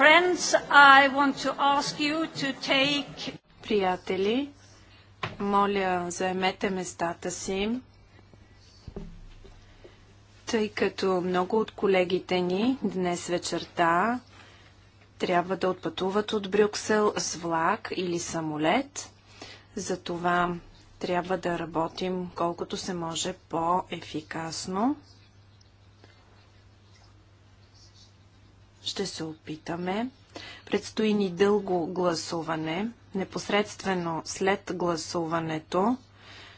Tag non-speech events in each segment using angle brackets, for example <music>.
Friends, I want to ask you to take... Приятели, моля, заемете местата си, тъй като много от колегите ни днес вечерта трябва да отпътуват от Брюксел с влак или самолет. Затова трябва да работим колкото се може по-ефикасно. Ще се опитаме. Предстои ни дълго гласуване. Непосредствено след гласуването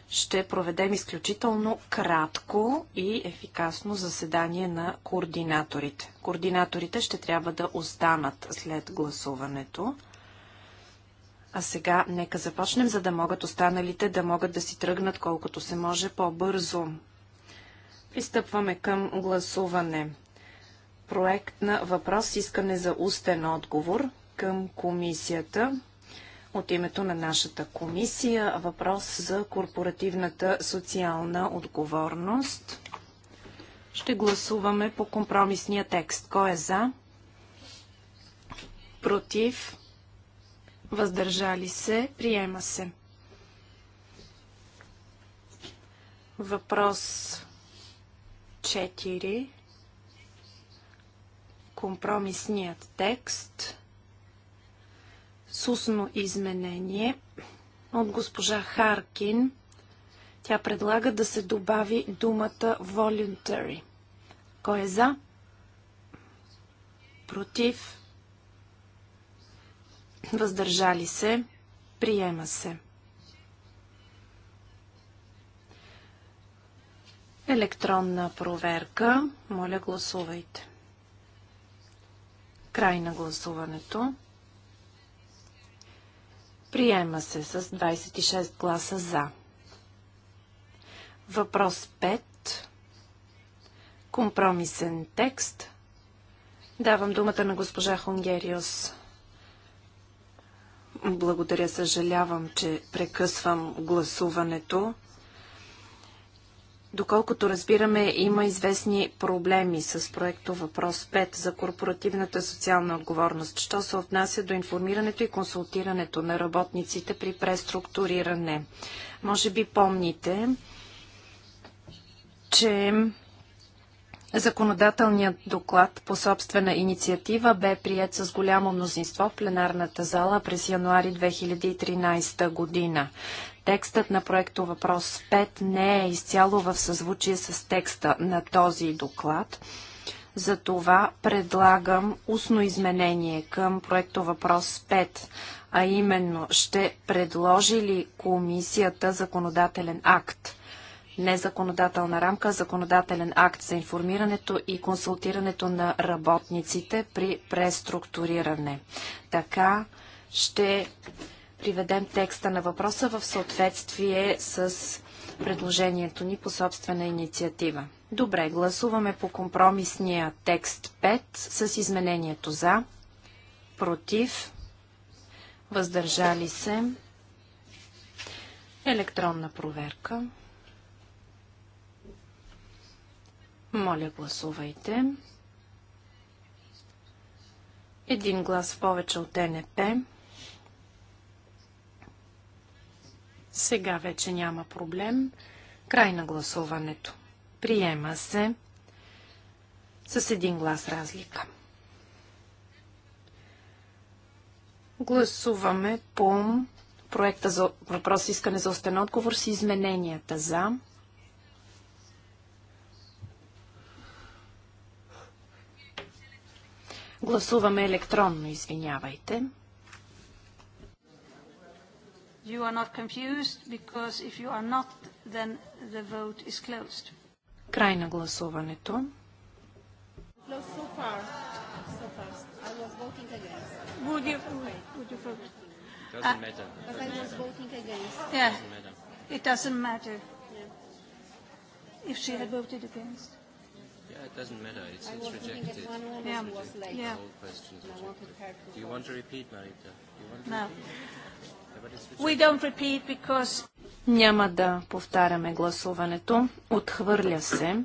ще проведем изключително кратко и ефикасно заседание на координаторите. Координаторите ще трябва да останат след гласуването. А сега нека започнем, за да могат останалите да могат да си тръгнат колкото се може по-бързо. Пристъпваме към гласуване проект на въпрос искане за устен отговор към комисията от името на нашата комисия. Въпрос за корпоративната социална отговорност. Ще гласуваме по компромисния текст. Кой е за? Против? Въздържали се? Приема се. Въпрос 4 компромисният текст с устно изменение от госпожа Харкин. Тя предлага да се добави думата voluntary. Кой е за? Против? Въздържали се? Приема се. Електронна проверка. Моля, гласувайте. Край на гласуването. Приема се с 26 гласа за. Въпрос 5. Компромисен текст. Давам думата на госпожа Хунгериус. Благодаря, съжалявам, че прекъсвам гласуването. Доколкото разбираме, има известни проблеми с проекто Въпрос 5 за корпоративната социална отговорност, що се отнася до информирането и консултирането на работниците при преструктуриране. Може би помните, че Законодателният доклад по собствена инициатива бе прият с голямо мнозинство в пленарната зала през януари 2013 година. Текстът на проекто въпрос 5 не е изцяло в съзвучие с текста на този доклад. Затова предлагам устно изменение към проекто въпрос 5, а именно ще предложи ли комисията законодателен акт? Не законодателна рамка, законодателен акт за информирането и консултирането на работниците при преструктуриране. Така ще приведем текста на въпроса в съответствие с предложението ни по собствена инициатива. Добре, гласуваме по компромисния текст 5 с изменението за, против, въздържали се, електронна проверка. Моля, гласувайте. Един глас в повече от НП. Сега вече няма проблем. Край на гласуването. Приема се с един глас разлика. Гласуваме по проекта за въпрос искане за остен отговор с измененията за Гласуваме електронно, извинявайте. You are not confused because if you are not, then the vote is closed. Край на гласуването. Would you, would you vote? Doesn't matter. Yeah. It doesn't matter. If she had voted against. Yeah, it doesn't matter. It's, it's rejected. yeah. was Yeah. rejected. Do you want to repeat, Marita? Do you want to no. Repeat? We don't repeat because... Няма да повтаряме гласуването. Отхвърля се.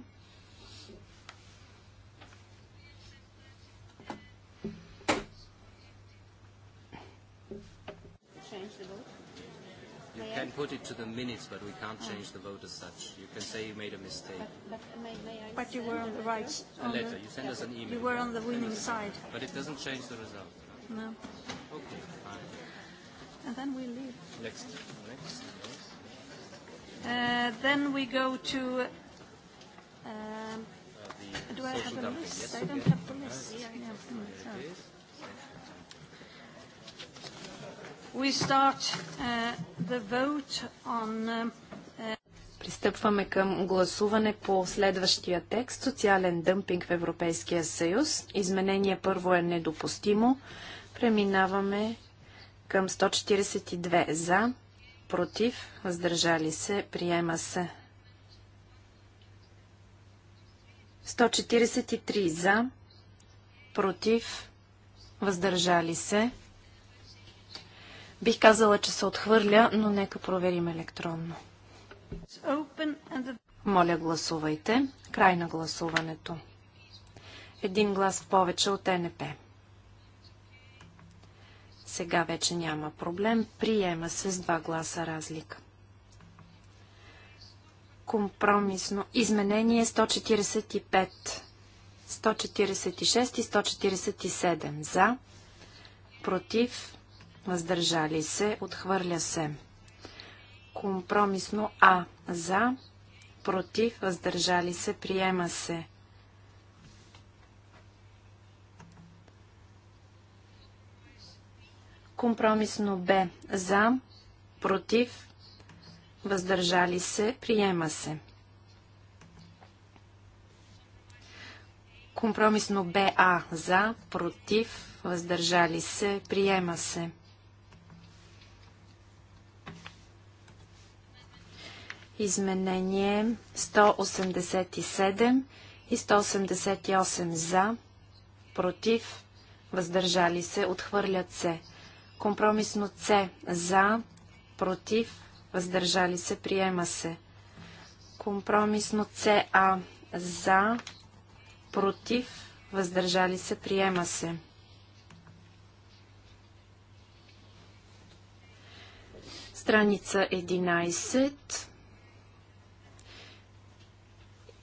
can put it to the minutes, but we can't change the vote as such. You can say you made a mistake. But, but, may, may I but you were on the right. A letter. The, you send us an email. You were on the winning side. But it doesn't change the result. No. Okay and then we leave. Next. Next. Uh, then we go to. Um, uh, do I have a list? I don't have the list. Yeah, yeah. We start uh, the vote on. Um, uh, Пристъпваме към гласуване по следващия текст Социален дъмпинг в Европейския съюз. Изменение първо е недопустимо. Преминаваме към 142 за, против, въздържали се, приема се. 143 за, против, въздържали се. Бих казала, че се отхвърля, но нека проверим електронно. Моля, гласувайте. Край на гласуването. Един глас повече от НП. Сега вече няма проблем. Приема се с два гласа разлика. Компромисно. Изменение 145. 146 и 147. За. Против. Въздържали се. Отхвърля се. Компромисно А. За. Против. Въздържали се. Приема се. Компромисно Б за, против, въздържали се, приема се. Компромисно БА за, против, въздържали се, приема се. Изменение 187 и 188 за, против, въздържали се, отхвърлят се. Компромисно С. За, против, въздържали се, приема се. Компромисно СА. За, против, въздържали се, приема се. Страница 11.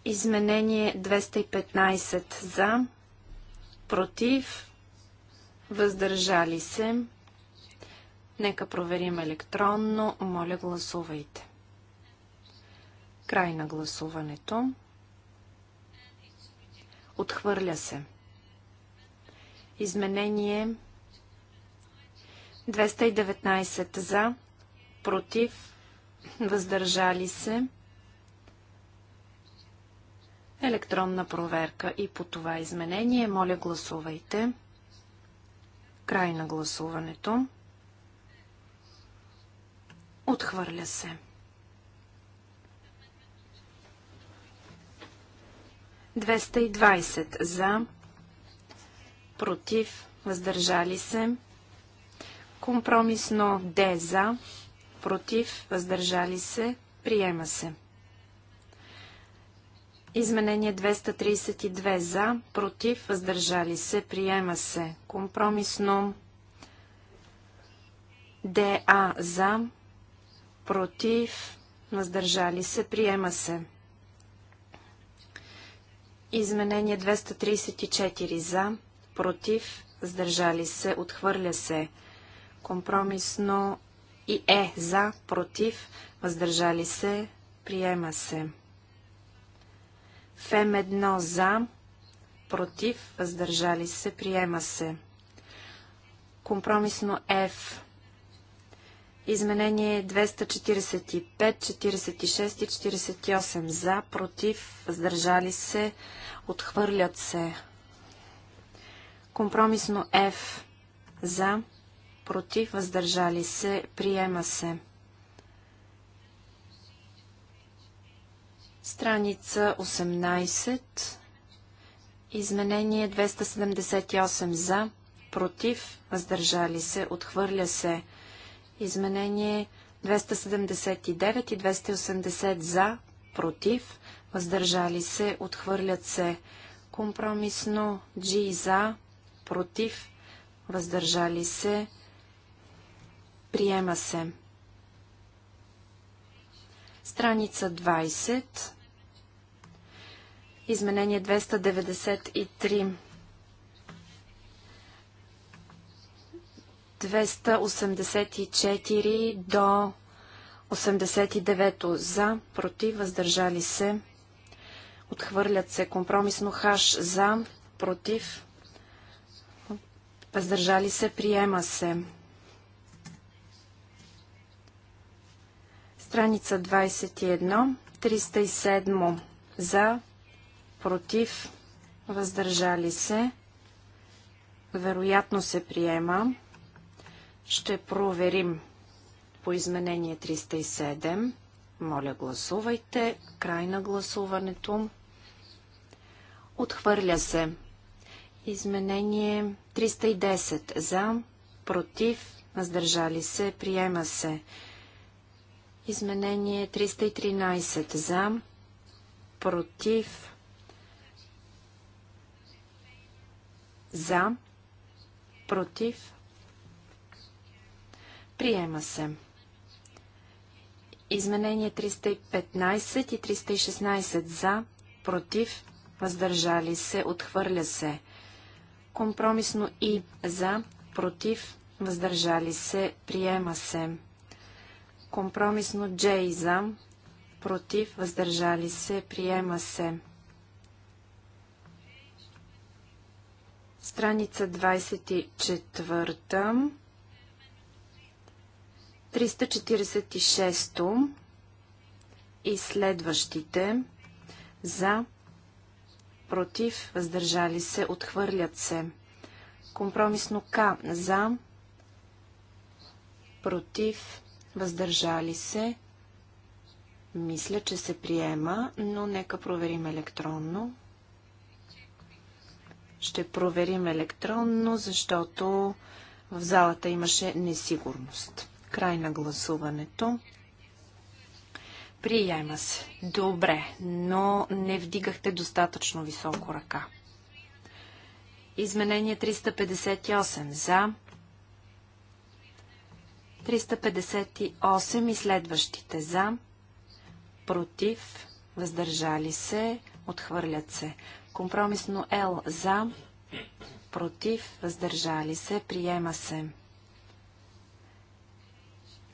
Изменение 215 за, против, въздържали се, Нека проверим електронно. Моля, гласувайте. Край на гласуването. Отхвърля се. Изменение 219 за, против, въздържали се. Електронна проверка и по това изменение. Моля, гласувайте. Край на гласуването. Отхвърля се. 220 за, против, въздържали се. Компромисно Д за, против, въздържали се, приема се. Изменение 232 за, против, въздържали се, приема се. Компромисно ДА за, против, въздържали се, приема се. Изменение 234 за, против, въздържали се, отхвърля се. Компромисно и е за, против, въздържали се, приема се. Фем 1 за, против, въздържали се, приема се. Компромисно F Изменение 245, 46 и 48 за, против, въздържали се, отхвърлят се. Компромисно F за, против, въздържали се, приема се. Страница 18. Изменение 278 за, против, въздържали се, отхвърля се. Изменение 279 и 280 за, против, въздържали се, отхвърлят се. Компромисно G за, против, въздържали се, приема се. Страница 20, изменение 293 284 до 89 за, против, въздържали се. Отхвърлят се компромисно хаш за, против, въздържали се, приема се. Страница 21, 307 за, против, въздържали се. Вероятно се приема. Ще проверим по изменение 307. Моля, гласувайте. Край на гласуването. Отхвърля се. Изменение 310 за, против, въздържали се, приема се. Изменение 313 за, против, за, против, Приема се. Изменение 315 и 316 за, против, въздържали се, отхвърля се. Компромисно и за, против, въздържали се, приема се. Компромисно J за, против, въздържали се, приема се. Страница 24. 346 и следващите за, против, въздържали се, отхвърлят се. Компромисно К за, против, въздържали се. Мисля, че се приема, но нека проверим електронно. Ще проверим електронно, защото в залата имаше несигурност. Край на гласуването. Приема се. Добре, но не вдигахте достатъчно високо ръка. Изменение 358 за 358 и следващите за против, въздържали се, отхвърлят се. Компромисно Л за против, въздържали се, приема се.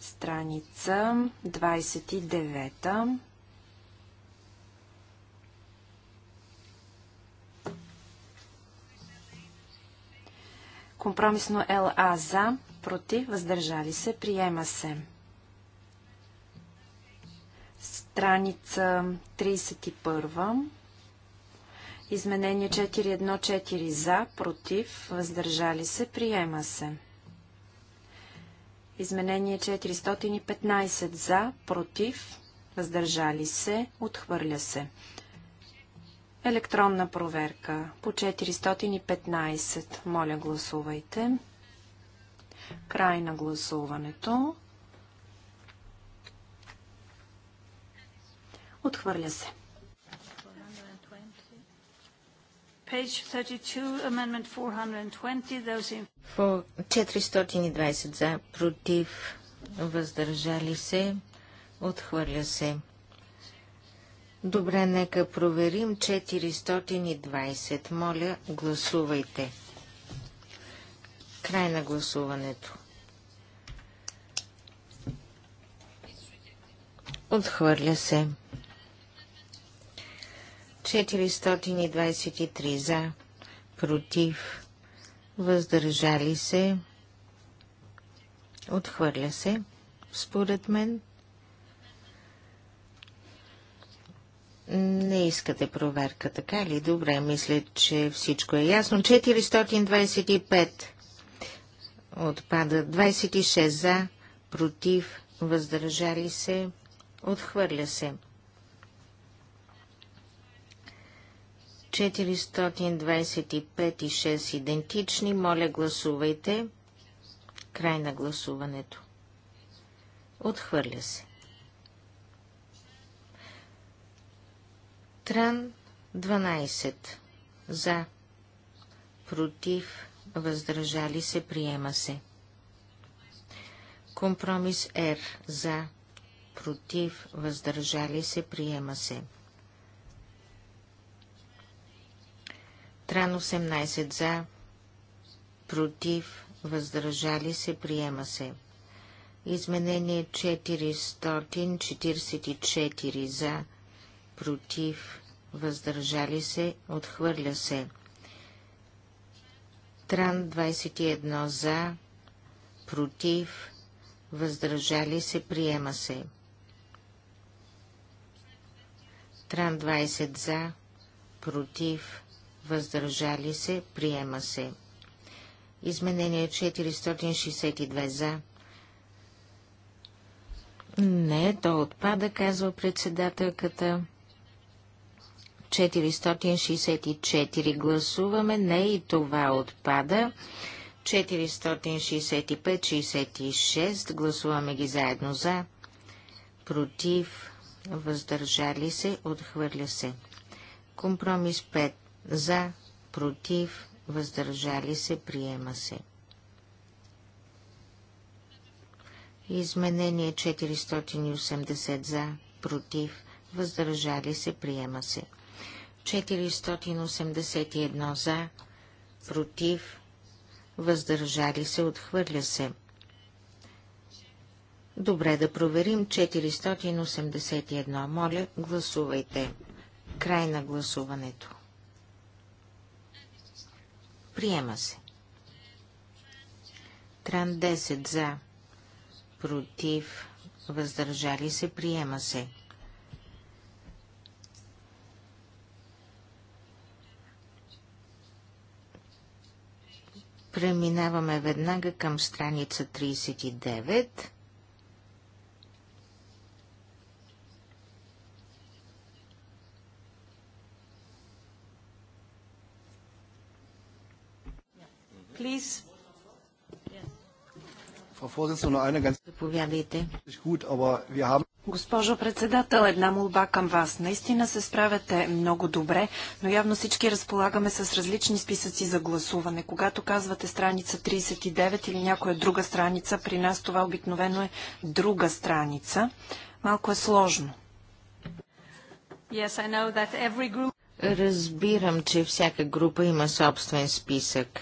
Страница 29. Компромисно ЛА за, против, въздържали се, приема се. Страница 31. Изменение 414 за, против, въздържали се, приема се. Изменение 415 за, против, въздържали се, отхвърля се. Електронна проверка по 415. Моля, гласувайте. Край на гласуването. Отхвърля се. Page 32, amendment 420, those in... 420 за, против, въздържали се, отхвърля се. Добре, нека проверим 420. Моля, гласувайте. Край на гласуването. Отхвърля се. 423 за, против, въздържали се, отхвърля се, според мен. Не искате проверка, така ли? Добре, мисля, че всичко е ясно. 425 отпада, 26 за, против, въздържали се, отхвърля се. 425 и 6 идентични. Моля, гласувайте. Край на гласуването. Отхвърля се. Тран 12. За. Против. Въздържали се. Приема се. Компромис Р. За. Против. Въздържали се. Приема се. Тран 18 за, против, въздържали се, приема се. Изменение 444 за, против, въздържали се, отхвърля се. Тран 21 за, против, въздържали се, приема се. Тран 20 за, против, въздържали се, приема се. Изменение 462 за. Не, то отпада, казва председателката. 464 гласуваме, не и това отпада. 465-66 гласуваме ги заедно за, против, въздържали се, отхвърля се. Компромис 5 за, против, въздържали се, приема се. Изменение 480 за, против, въздържали се, приема се. 481 за, против, въздържали се, отхвърля се. Добре да проверим 481. Моля, гласувайте. Край на гласуването. Приема се. Тран 10 за. Против. Въздържали се. Приема се. Преминаваме веднага към страница 39. please. Заповядайте. Госпожо председател, една молба към вас. Наистина се справяте много добре, но явно всички разполагаме с различни списъци за гласуване. Когато казвате страница 39 или някоя друга страница, при нас това обикновено е друга страница. Малко е сложно. Yes, group... Разбирам, че всяка група има собствен списък.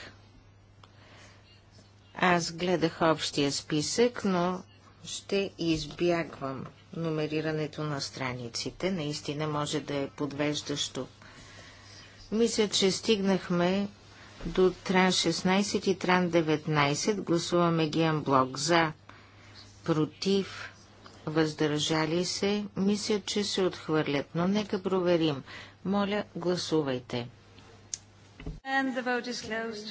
Аз гледах общия списък, но ще избягвам номерирането на страниците. Наистина може да е подвеждащо. Мисля, че стигнахме до Тран 16 и Тран 19. Гласуваме ги блок за, против, въздържали се. Мисля, че се отхвърлят, но нека проверим. Моля, гласувайте. And the vote is closed.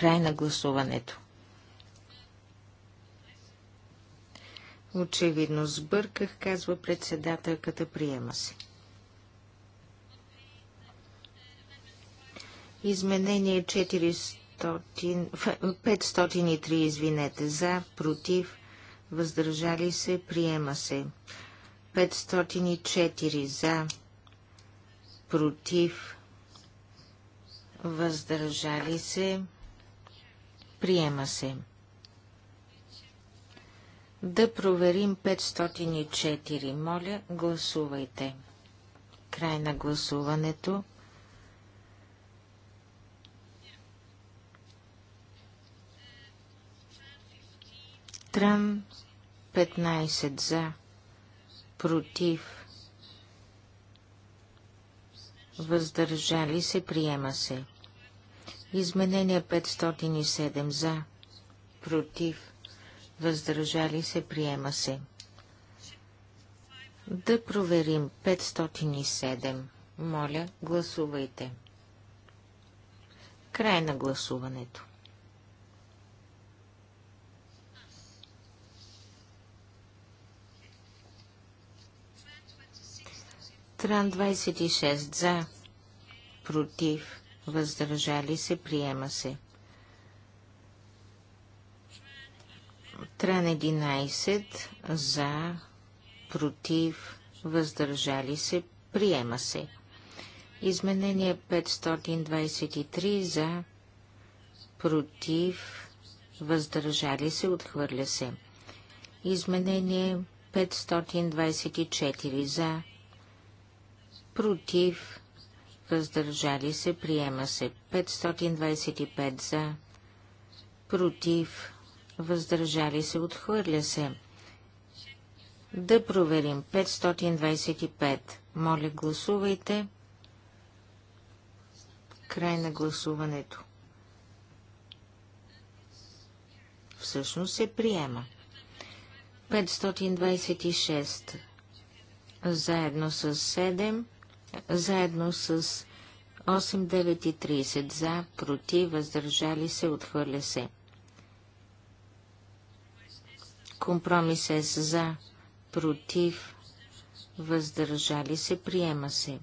Край на гласуването. Очевидно сбърках, казва председателката, приема се. Изменение 400, 503, извинете, за, против, въздържали се, приема се. 504 за, против, въздържали се, Приема се. Да проверим 504. Моля, гласувайте. Край на гласуването. Трън 15 за, против, въздържали се, приема се. Изменение 507 за, против, въздържали се, приема се. Да проверим 507. Моля, гласувайте. Край на гласуването. Тран 26 за, против, въздържали се, приема се. Тран 11 за, против, въздържали се, приема се. Изменение 523 за, против, въздържали се, отхвърля се. Изменение 524 за, против, въздържали се, приема се 525 за, против, въздържали се, отхвърля се. Да проверим 525. Моля, гласувайте. Край на гласуването. Всъщност се приема. 526 заедно с 7 заедно с 8, 9 30 за, против, въздържали се, отхвърля се. Компромис е за, против, въздържали се, приема се.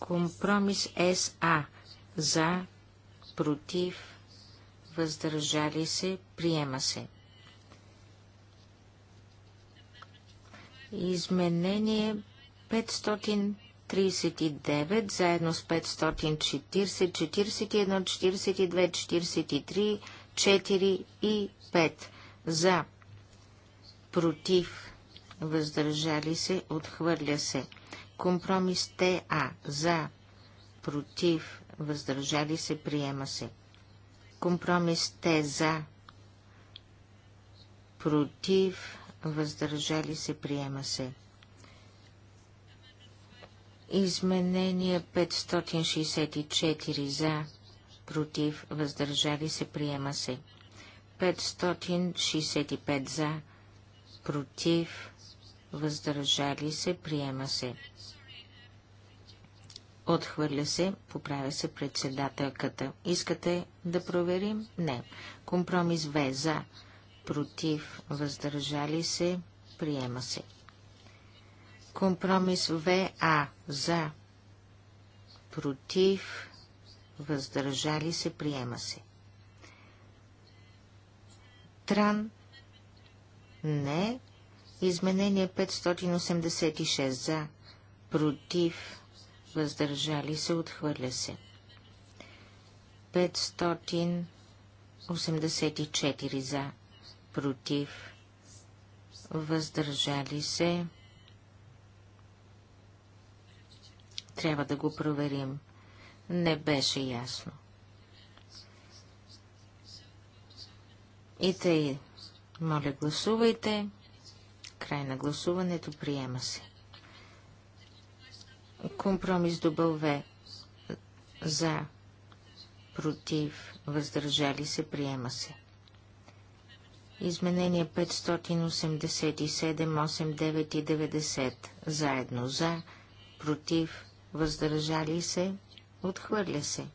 Компромис е СА за, против, въздържали се, приема се. Изменение 500 39, заедно с 540, 41, 42, 43, 4 и 5. За, против, въздържали се, отхвърля се. Компромис ТА. За, против, въздържали се, приема се. Компромис Т. За, против, въздържали се, приема се. Изменение 564 за, против, въздържали се, приема се. 565 за, против, въздържали се, приема се. Отхвърля се, поправя се председателката. Искате да проверим? Не. Компромис В за, против, въздържали се, приема се. Компромис ВА за, против, въздържали се, приема се. Тран не. Изменение 586 за, против, въздържали се, отхвърля се. 584 за, против, въздържали се, Трябва да го проверим. Не беше ясно. И тъй, моля гласувайте. Край на гласуването приема се. Компромис W за, против, въздържали се, приема се. Изменение 587, 89 и 90 заедно за, против, въздържали се, отхвърля се.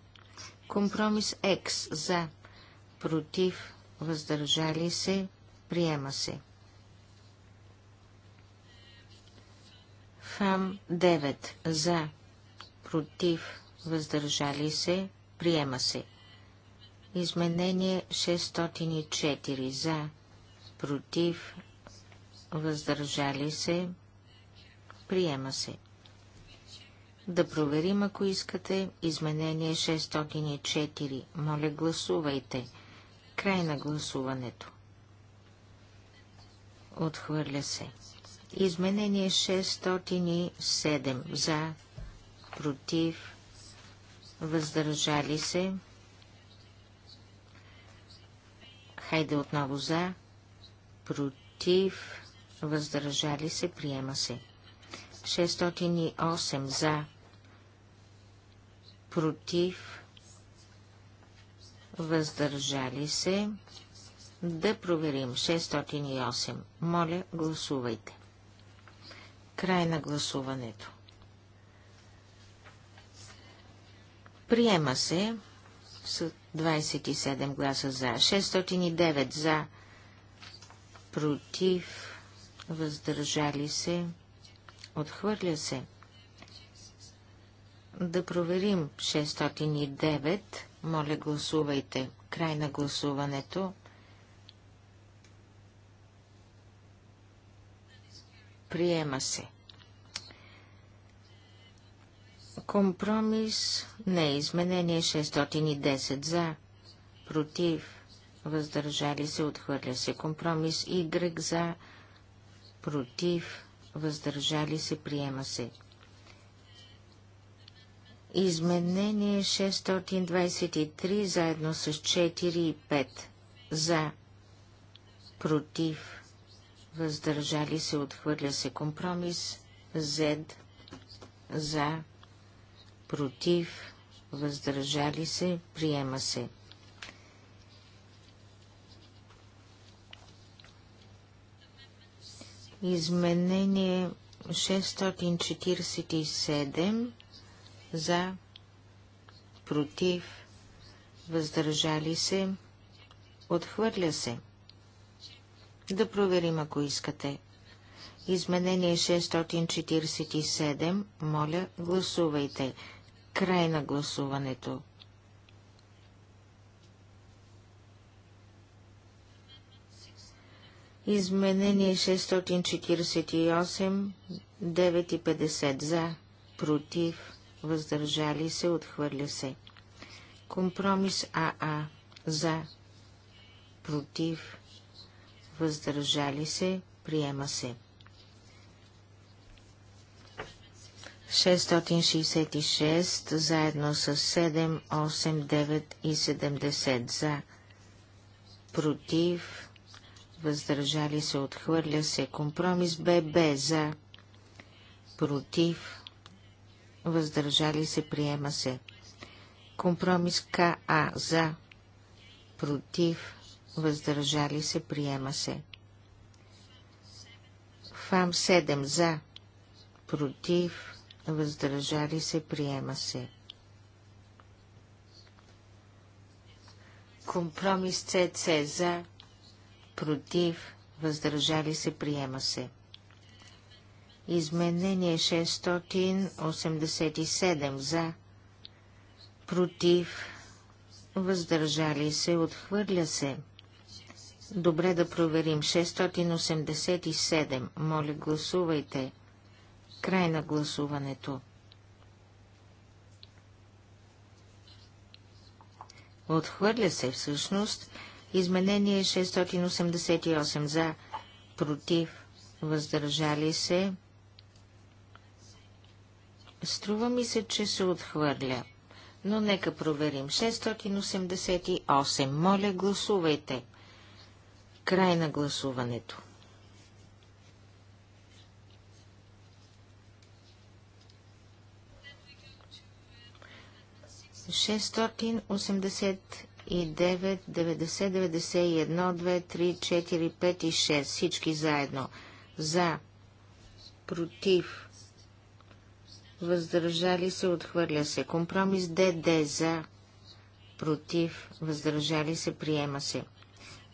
Компромис X за, против, въздържали се, приема се. ФАМ 9 за, против, въздържали се, приема се. Изменение 604 за, против, въздържали се, приема се. Да проверим, ако искате, изменение 604. Моля, гласувайте. Край на гласуването. Отхвърля се. Изменение 607. За, против, въздържали се. Хайде отново за, против, въздържали се, приема се. 608 за, против, въздържали се. Да проверим 608. Моля, гласувайте. Край на гласуването. Приема се с 27 гласа за, 609 за, против, въздържали се, отхвърля се. Да проверим 609. Моля, гласувайте. Край на гласуването. Приема се. Компромис не е изменение 610 за, против, въздържали се, отхвърля се. Компромис Y за, против, въздържали се, приема се. Изменение 623 заедно с 4 и 5. За. Против. Въздържали се. Отхвърля се компромис. Z. За. Против. Въздържали се. Приема се. Изменение 647 за, против, въздържали се, отхвърля се. Да проверим, ако искате. Изменение 647. Моля, гласувайте. Край на гласуването. Изменение 648, 9,50 за, против, въздържали се, отхвърля се. Компромис АА за, против, въздържали се, приема се. 666 заедно с 7, 8, 9 и 70 за, против, въздържали се, отхвърля се. Компромис ББ за, против, въздържали се, приема се. Компромис КА за, против, въздържали се, приема се. ФАМ 7 за, против, въздържали се, приема се. Компромис ЦЦ за, против, въздържали се, приема се. Изменение 687 за, против, въздържали се, отхвърля се. Добре да проверим. 687. Моля, гласувайте. Край на гласуването. Отхвърля се всъщност. Изменение 688 за, против, въздържали се, Струва ми се, че се отхвърля. Но нека проверим. 688. Моля, гласувайте. Край на гласуването. Шестотин, осемдесет и 9, и едно, 2, 3, 4, 5 и 6. Всички заедно. За. Против въздържали се, отхвърля се. Компромис ДД за, против, въздържали се, приема се.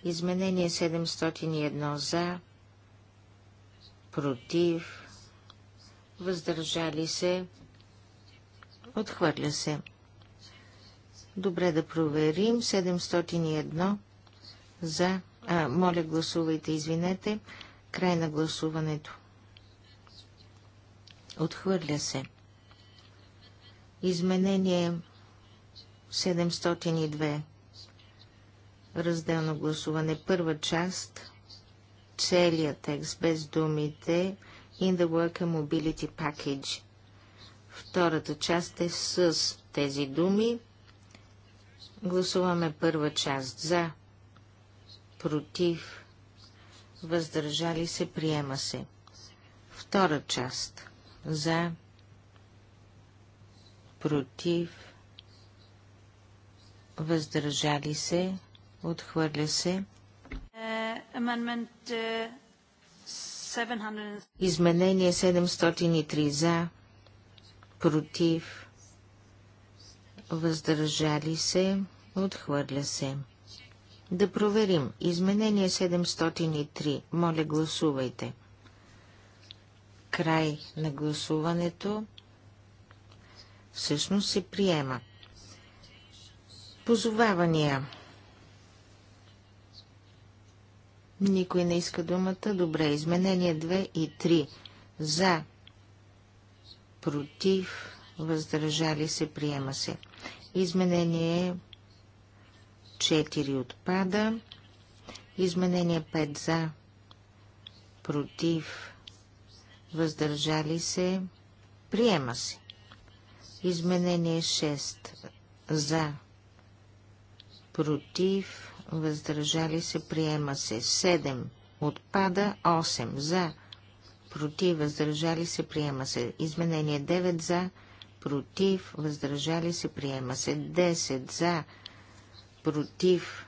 Изменение 701 за, против, въздържали се, отхвърля се. Добре да проверим. 701 за. А, моля, гласувайте, извинете. Край на гласуването. Отхвърля се. Изменение 702. Разделно гласуване. Първа част. Целият текст без думите. In the Worker Mobility Package. Втората част е с тези думи. Гласуваме първа част за, против, въздържали се, приема се. Втора част за, против против, въздържали се, отхвърля се. Uh, uh, Изменение 703 за, против, въздържали се, отхвърля се. Да проверим. Изменение 703. Моля, гласувайте. Край на гласуването всъщност се приема. Позовавания. Никой не иска думата. Добре, изменение 2 и 3. За, против, въздържали се, приема се. Изменение 4 отпада. Изменение 5 за, против, въздържали се, приема се. Изменение 6. За. Против. Въздържали се. Приема се. 7. Отпада. 8. За. Против. Въздържали се. Приема се. Изменение 9. За. Против. Въздържали се. Приема се. 10. За. Против.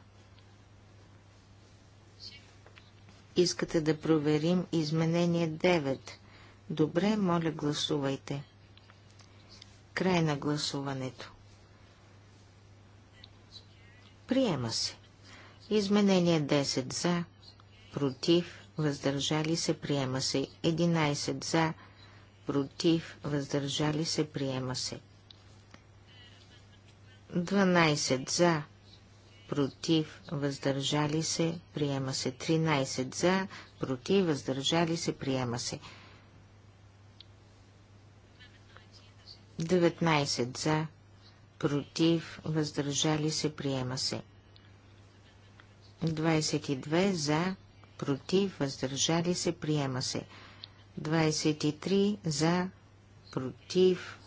Искате да проверим изменение 9. Добре, моля гласувайте. Край на гласуването. Приема се. Изменение 10 за, против, въздържали се, приема се. 11 за, против, въздържали се, приема се. 12 за, против, въздържали се, приема се. 13 за, против, въздържали се, приема се. 19 за, против, въздържали се, приема се. 22 за, против, въздържали се, приема се. 23 за, против,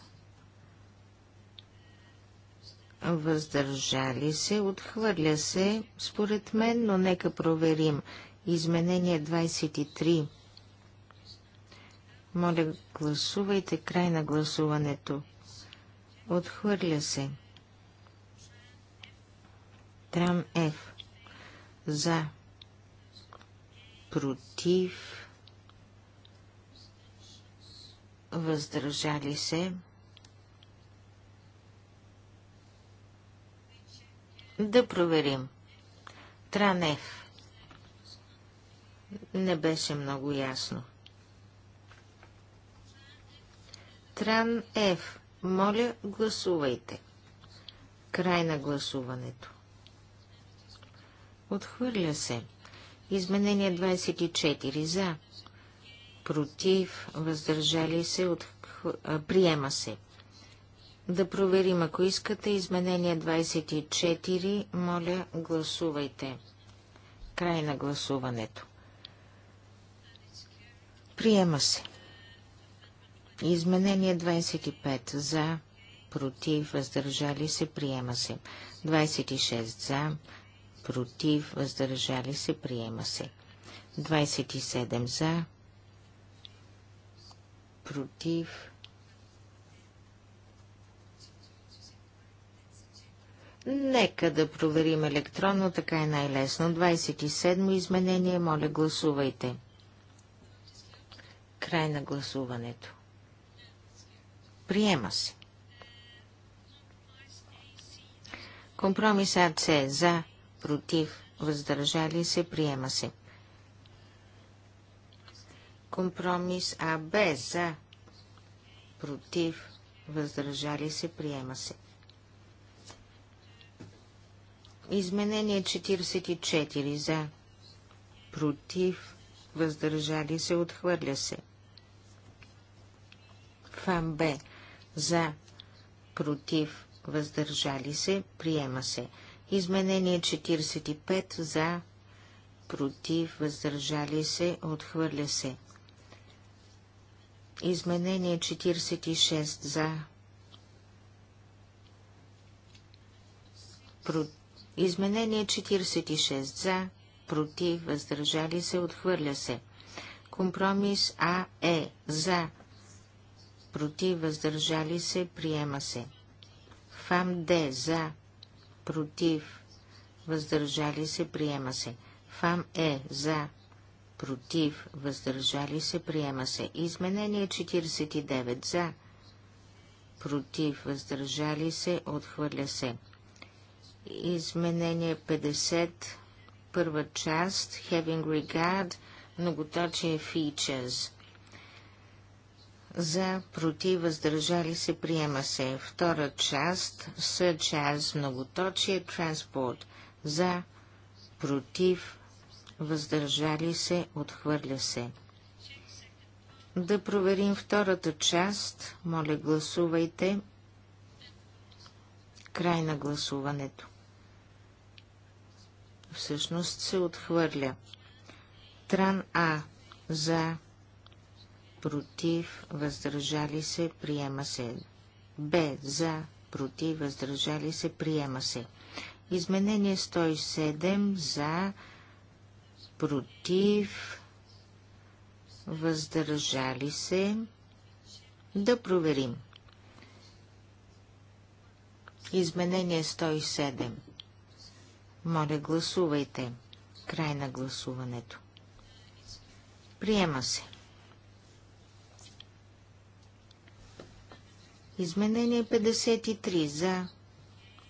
въздържали се, отхвърля се, според мен, но нека проверим. Изменение 23. Моля, гласувайте край на гласуването. Отхвърля се. Трам Ф. За. Против. Въздържали се. Да проверим. Транев. Не беше много ясно. Стран F. Моля, гласувайте. Край на гласуването. Отхвърля се. Изменение 24 за. Против, въздържали се, отх... приема се. Да проверим, ако искате, изменение 24, моля, гласувайте. Край на гласуването. Приема се. Изменение 25 за, против, въздържали се, приема се. 26 за, против, въздържали се, приема се. 27 за, против. Нека да проверим електронно, така е най-лесно. 27 изменение, моля гласувайте. Край на гласуването. Приема се. Компромис АЦ за, против, въздържали се, приема се. Компромис АБ за, против, въздържали се, приема се. Изменение 44 за, против, въздържали се, отхвърля се. ФАМ Б за, против, въздържали се, приема се. Изменение 45 за, против, въздържали се, отхвърля се. Изменение 46 за, про... Изменение 46 за, против, въздържали се, отхвърля се. Компромис А е за, против, въздържали се, приема се. Фам Д за, против, въздържали се, приема се. Фам Е за, против, въздържали се, приема се. Изменение 49 за, против, въздържали се, отхвърля се. Изменение 50, първа част, having regard, многоточие features – за против въздържали се приема се. Втора част с част многоточие транспорт за против въздържали се отхвърля се. Да проверим втората част. Моля, гласувайте. Край на гласуването. Всъщност се отхвърля. Тран А за против, въздържали се, приема се. Б. За, против, въздържали се, приема се. Изменение 107 за, против, въздържали се. Да проверим. Изменение 107. Моля, гласувайте. Край на гласуването. Приема се. Изменение 53 за,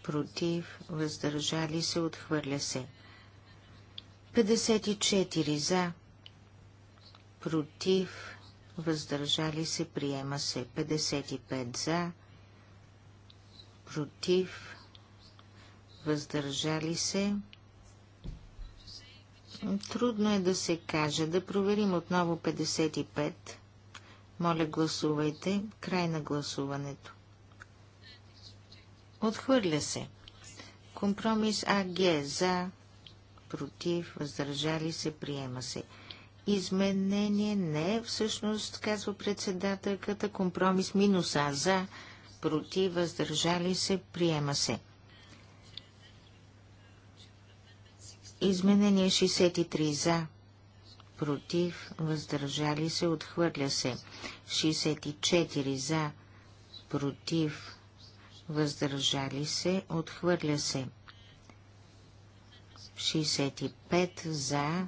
против, въздържали се, отхвърля се. 54 за, против, въздържали се, приема се. 55 за, против, въздържали се. Трудно е да се каже. Да проверим отново 55. Моля, гласувайте. Край на гласуването. Отхвърля се. Компромис АГ за, против, въздържали се, приема се. Изменение не, всъщност, казва председателката, компромис минус А за, против, въздържали се, приема се. Изменение 63 за, против, въздържали се, отхвърля се. 64 за, против, въздържали се, отхвърля се. 65 за,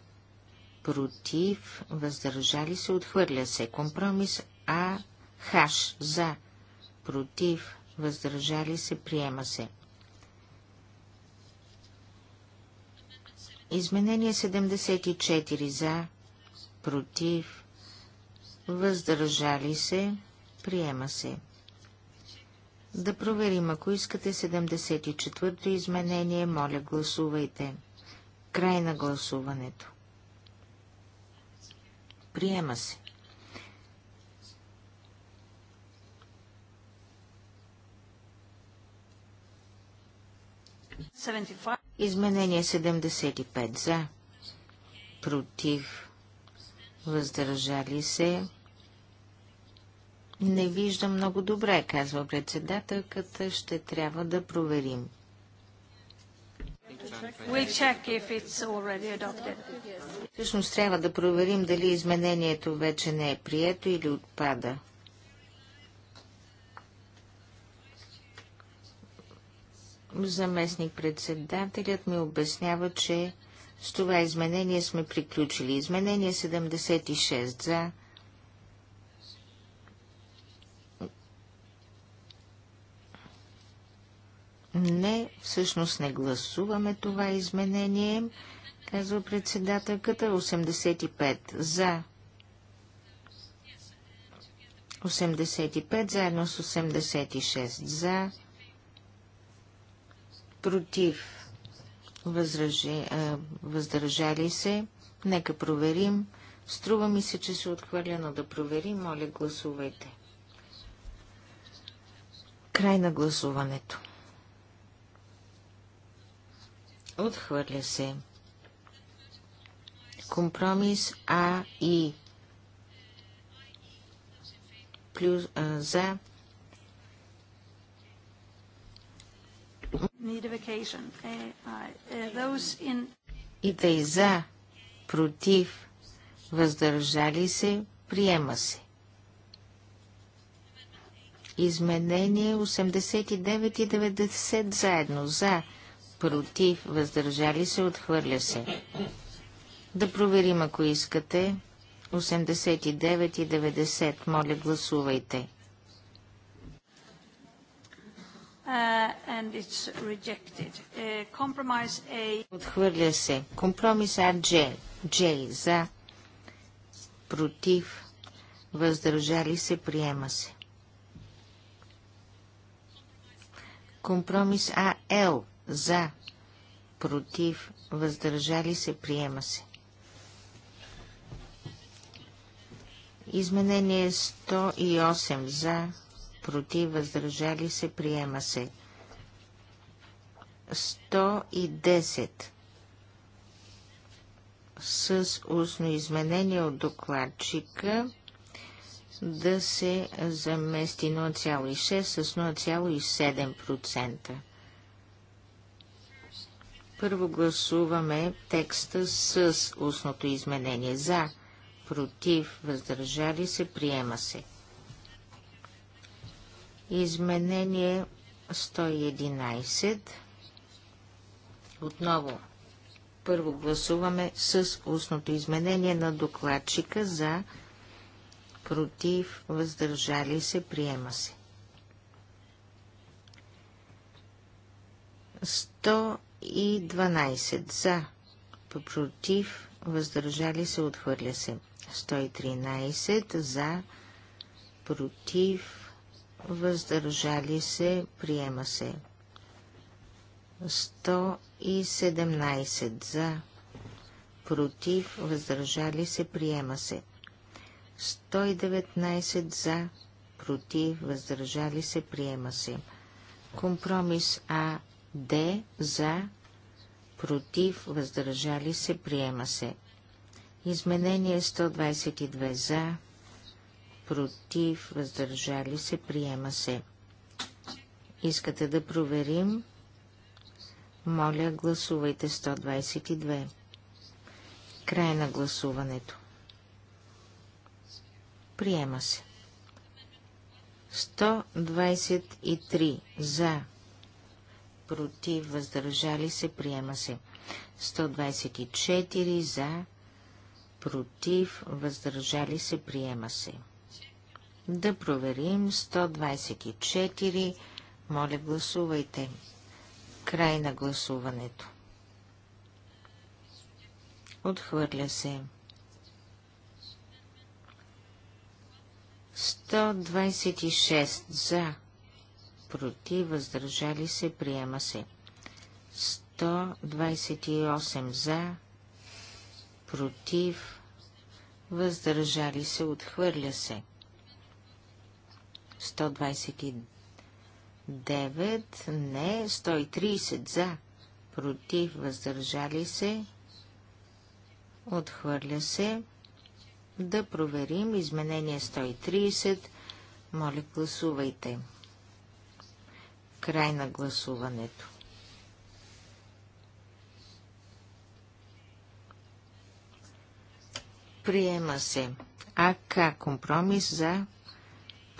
против, въздържали се, отхвърля се. Компромис А, хаш, за, против, въздържали се, приема се. Изменение 74 за, против, въздържали се, приема се. Да проверим, ако искате 74-то изменение, моля гласувайте. Край на гласуването. Приема се. Изменение 75 за, против, въздържали се. Не вижда много добре, казва председателката. Ще трябва да проверим. Всъщност трябва да проверим дали изменението вече не е прието или отпада. Заместник председателят ми обяснява, че с това изменение сме приключили. Изменение 76 за. Не, всъщност не гласуваме това изменение, казва председателката. 85 за. 85 заедно с 86 за. Против въздържали се. Нека проверим. Струва ми се, че се отхвърля, но да проверим. Моля, гласувайте. Край на гласуването. Отхвърля се. Компромис А и плюс а, за need a vacation. Eh, eh, eh, those in... И тъй и за, против, въздържали се, приема се. Изменение 89 и 90 заедно. За, против, въздържали се, отхвърля се. Да проверим, ако искате. 89 и 90. Моля, гласувайте. 89. Uh, uh, Отхвърля се. Компромис А, за, против, въздържали се, приема се. Компромис А, Л за, против, въздържали се, приема се. Изменение 108 за, против, въздържали се, приема се. 110 с устно изменение от докладчика да се замести 0,6 с 0,7%. Първо гласуваме текста с устното изменение за, против, въздържали се, приема се. Изменение 111. Отново първо гласуваме с устното изменение на докладчика за против, въздържали се, приема се. 112 за, против, въздържали се, отхвърля се. 113 за, против, въздържали се, приема се. 117 за, против, въздържали се, приема се. 119 за, против, въздържали се, приема се. Компромис А, Д, за, против, въздържали се, приема се. Изменение 122 за, против, въздържали се, приема се. Искате да проверим? Моля, гласувайте 122. Край на гласуването. Приема се. 123 за. Против, въздържали се, приема се. 124 за. Против, въздържали се, приема се. Да проверим 124. Моля, гласувайте. Край на гласуването. Отхвърля се. 126 за. Против, въздържали се, приема се. 128 за. Против, въздържали се, отхвърля се. 129, не, 130 за, против, въздържали се, отхвърля се. Да проверим изменение 130. Моля, гласувайте. Край на гласуването. Приема се. АК компромис за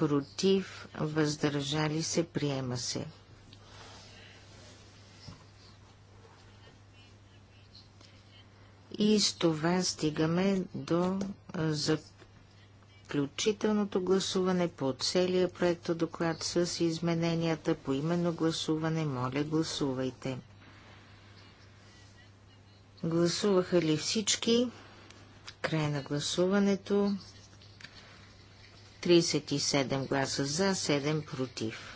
против, въздържали се, приема се. И с това стигаме до заключителното гласуване по целия проекто доклад с измененията по именно гласуване. Моля, гласувайте. Гласуваха ли всички? Край на гласуването. 37 гласа за, 7 против.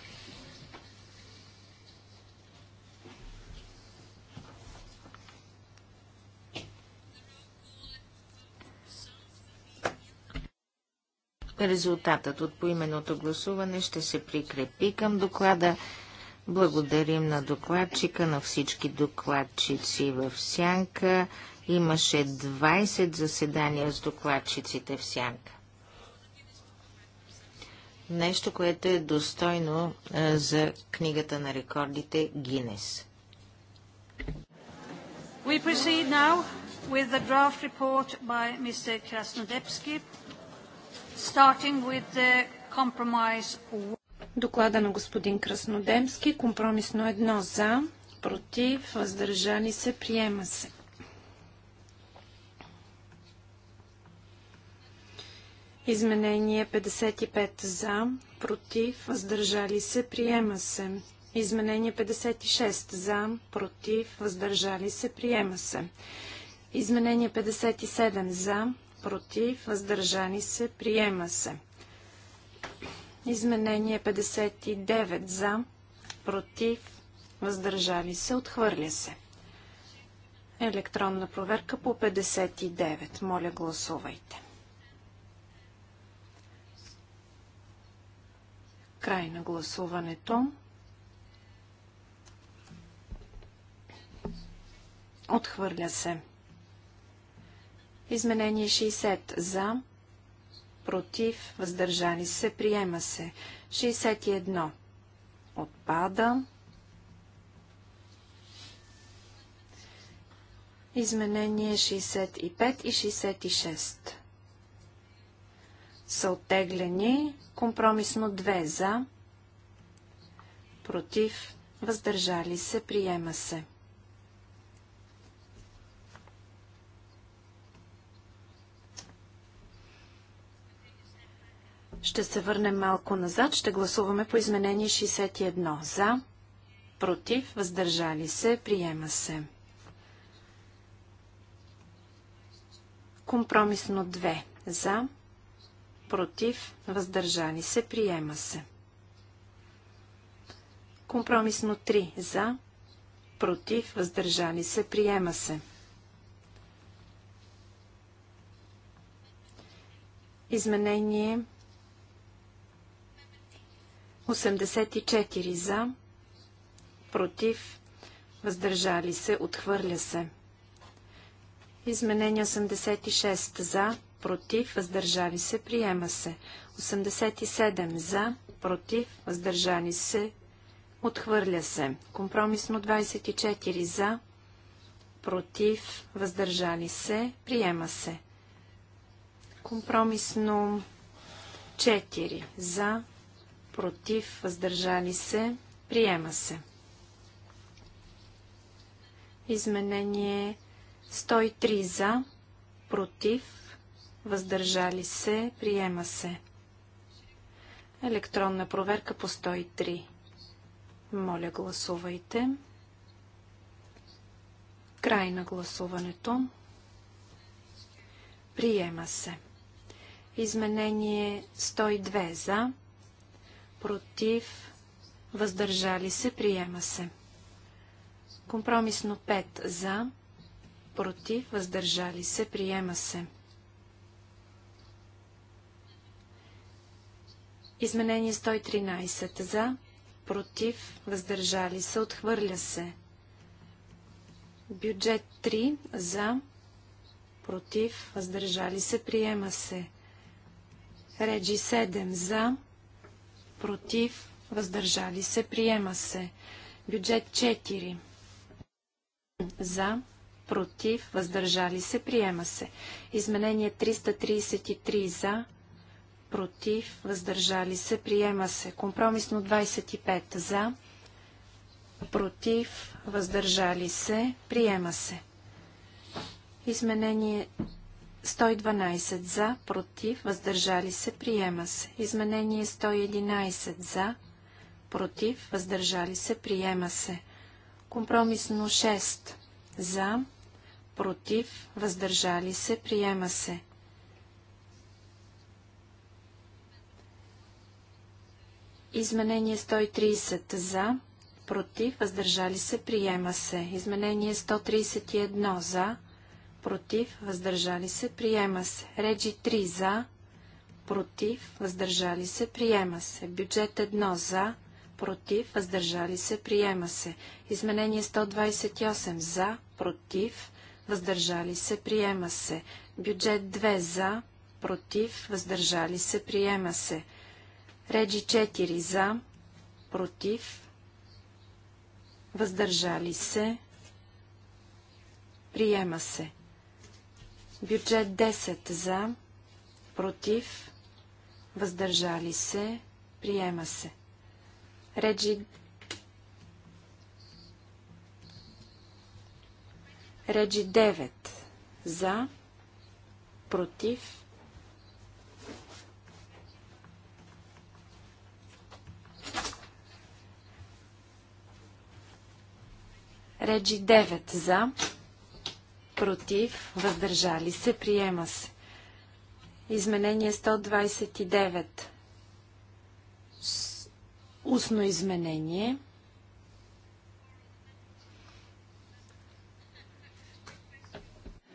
Резултатът от поименното гласуване ще се прикрепи към доклада. Благодарим на докладчика, на всички докладчици в Сянка. Имаше 20 заседания с докладчиците в Сянка нещо, което е достойно за книгата на рекордите Гинес. We proceed now with the draft report by Mr. Krasnodebski, starting with the compromise. Доклада на господин Краснодемски, компромисно едно за, против, въздържани се, приема се. Изменение 55 за, против, въздържали се, приема се. Изменение 56 за, против, въздържали се, приема се. Изменение 57 за, против, въздържали се, приема се. Изменение 59 за, против, въздържали се, отхвърля се. Електронна проверка по 59. Моля, гласувайте. Край на гласуването. Отхвърля се. Изменение 60 за, против, въздържани се, приема се. 61 отпада. Изменение 65 и 66 са оттеглени. Компромисно 2 за, против, въздържали се, приема се. Ще се върнем малко назад. Ще гласуваме по изменение 61. За, против, въздържали се, приема се. Компромисно 2. За, против, въздържани се, приема се. Компромисно 3 за, против, въздържани се, приема се. Изменение 84 за, против, въздържали се, отхвърля се. Изменение 86 за, против, въздържали се, приема се. 87 за, против, въздържали се, отхвърля се. Компромисно 24 за, против, въздържали се, приема се. Компромисно 4 за, против, въздържали се, приема се. Изменение 103 за, против, въздържали се, приема се. Електронна проверка по 103. Моля, гласувайте. Край на гласуването. Приема се. Изменение 102 за, против, въздържали се, приема се. Компромисно 5 за, против, въздържали се, приема се. Изменение 113 за, против, въздържали се, отхвърля се. Бюджет 3 за, против, въздържали се, приема се. Реджи 7 за, против, въздържали се, приема се. Бюджет 4 за, против, въздържали се, приема се. Изменение 333 за, против, въздържали се, приема се. Компромисно 25 за, против, въздържали се, приема се. Изменение 112 за, против, въздържали се, приема се. Изменение 111 за, против, въздържали се, приема се. Компромисно 6 за, против, въздържали се, приема се. Изменение 130 за, против, въздържали се, приема се. Изменение 131 за, против, въздържали се, приема се. Реджи 3 за, против, въздържали се, приема се. Бюджет 1 за, против, въздържали се, приема се. Изменение 128 за, против, въздържали се, приема се. Бюджет 2 за, против, въздържали се, приема се. Реджи 4 за, против, въздържали се, приема се. Бюджет 10 за, против, въздържали се, приема се. Реджи Реджи 9 за, против, Реджи 9 за, против, въздържали се, приема се. Изменение 129. С устно изменение.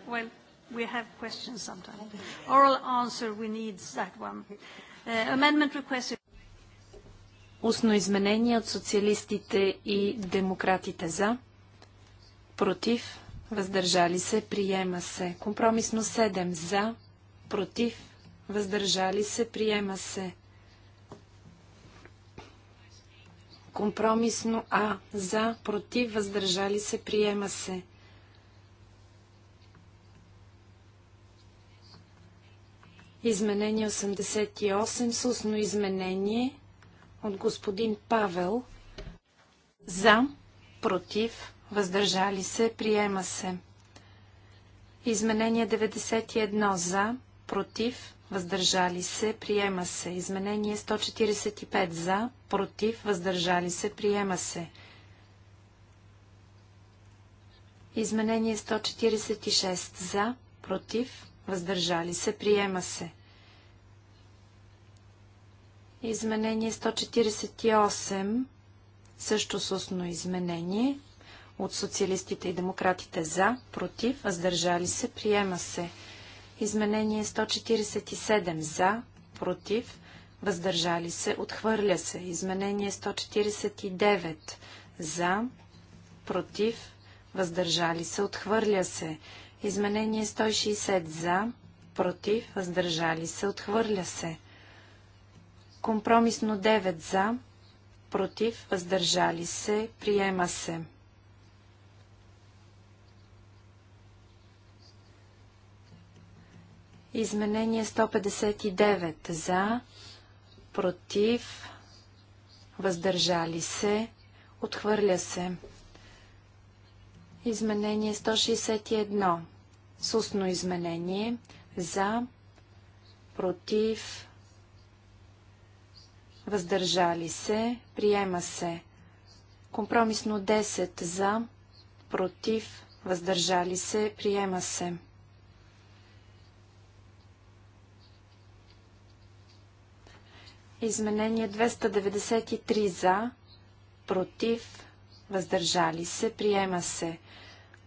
Well, we have questions sometimes. Oral answer, we need that one. Uh, amendment requested. Устно изменение от социалистите и демократите за против, въздържали се, приема се. Компромисно 7 за, против, въздържали се, приема се. Компромисно А за, против, въздържали се, приема се. Изменение 88 сусно изменение от господин Павел. За, против, въздържали се, приема се. Изменение 91 за, против, въздържали се, приема се. Изменение 145 за, против, въздържали се, приема се. Изменение 146 за, против, въздържали се, приема се. Изменение 148 също с устно изменение от социалистите и демократите за, против, въздържали се, приема се. Изменение 147 за, против, въздържали се, отхвърля се. Изменение 149 за, против, въздържали се, отхвърля се. Изменение 160 за, против, въздържали се, отхвърля се. Компромисно 9 за, против, въздържали се, приема се. Изменение 159 за, против, въздържали се, отхвърля се. Изменение 161 с устно изменение за, против, въздържали се, приема се. Компромисно 10 за, против, въздържали се, приема се. Изменение 293 за, против, въздържали се, приема се.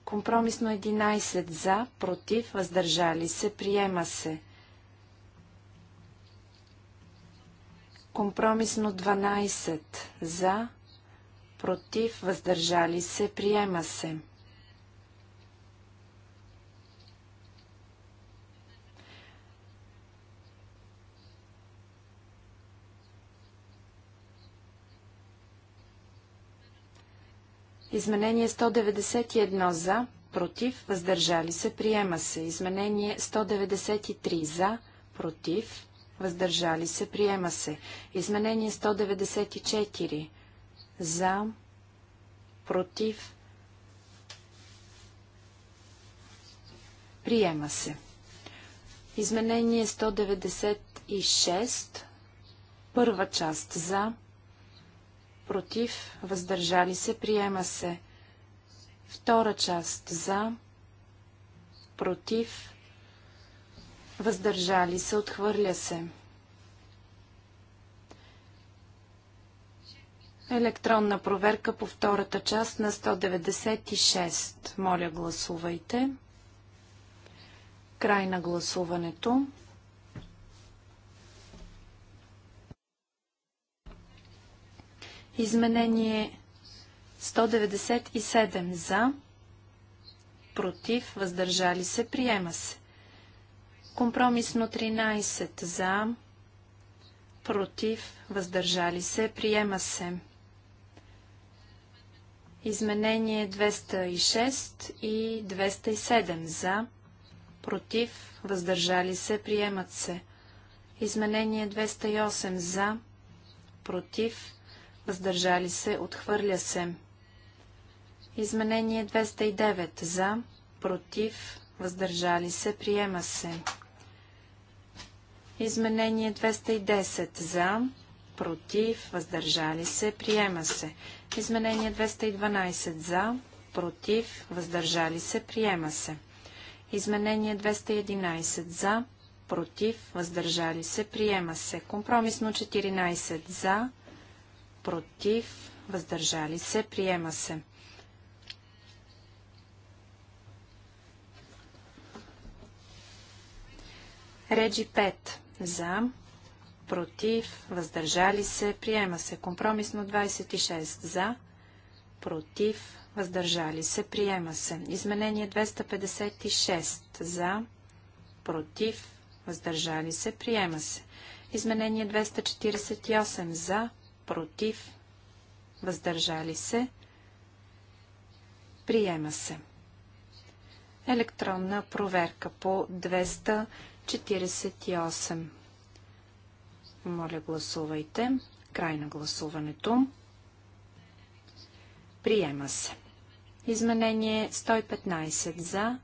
Компромисно 11 за, против, въздържали се, приема се. Компромисно 12 за, против, въздържали се, приема се. Изменение 191 за, против, въздържали се, приема се. Изменение 193 за, против, въздържали се, приема се. Изменение 194 за, против, приема се. Изменение 196, първа част за, против, въздържали се, приема се. Втора част за, против, въздържали се, отхвърля се. Електронна проверка по втората част на 196. Моля, гласувайте. Край на гласуването. Изменение 197 за, против, въздържали се, приема се. Компромисно 13 за, против, въздържали се, приема се. Изменение 206 и 207 за, против, въздържали се, приемат се. Изменение 208 за, против, въздържали се, отхвърля се. Изменение 209 за, против, въздържали се, приема се. Изменение 210 за, против, въздържали се, приема се. Изменение 212 за, против, въздържали се, приема се. Изменение 211 за, против, въздържали се, приема се. Компромисно 14 за, против, въздържали се, приема се. Реджи 5 за, против, въздържали се, приема се. Компромисно 26 за, против, въздържали се, приема се. Изменение 256 за, против, въздържали се, приема се. Изменение 248 за, против, въздържали се, приема се. Електронна проверка по 248. Моля, гласувайте. Край на гласуването. Приема се. Изменение 115 за,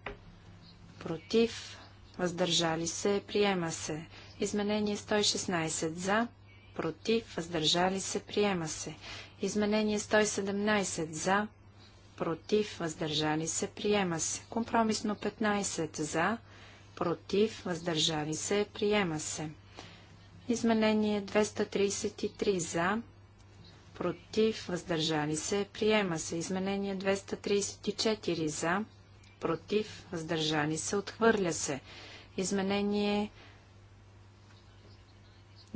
против, въздържали се, приема се. Изменение 116 за, против, въздържали се, приема се. Изменение 117 за, против, въздържали се, приема се. Компромисно 15 за, против, въздържали се, приема се. Изменение 233 за, против, въздържали се, приема се. Изменение 234 за, против, въздържали се, отхвърля се. Изменение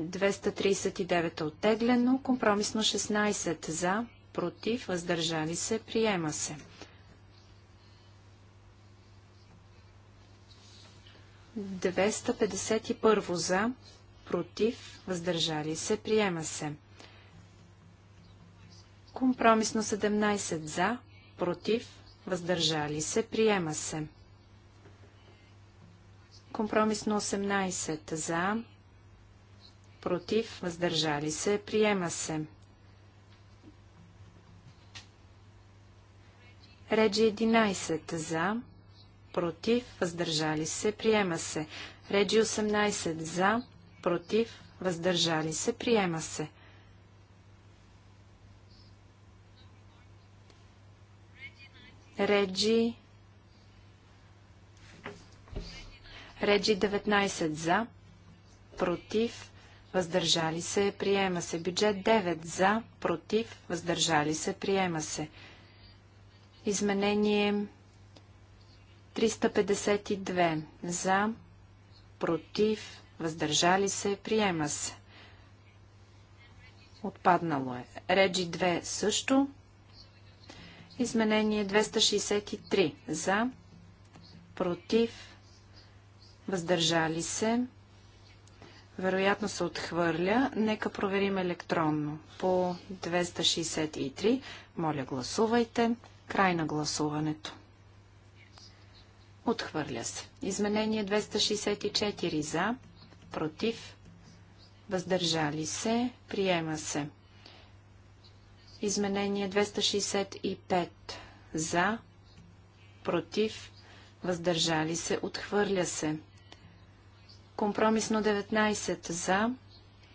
239 е оттеглено. Компромисно 16 за, против, въздържали се, приема се. 251 за, против, въздържали се, приема се. Компромисно 17 за, против, въздържали се, приема се. Компромисно 18 за, против, въздържали се, приема се. Реджи 11 за, против, въздържали се, приема се. Реджи 18 за, против, въздържали се, приема се. Реджи Реджи 19 за, против, въздържали се, приема се. Бюджет 9 за, против, въздържали се, приема се. Изменение 352 за, против, въздържали се, приема се. Отпаднало е. Реджи 2 също. Изменение 263 за, против, въздържали се, вероятно се отхвърля. Нека проверим електронно. По 263. Моля, гласувайте. Край на гласуването. Отхвърля се. Изменение 264 за, против, въздържали се, приема се. Изменение 265 за, против, въздържали се, отхвърля се. Компромисно 19 за,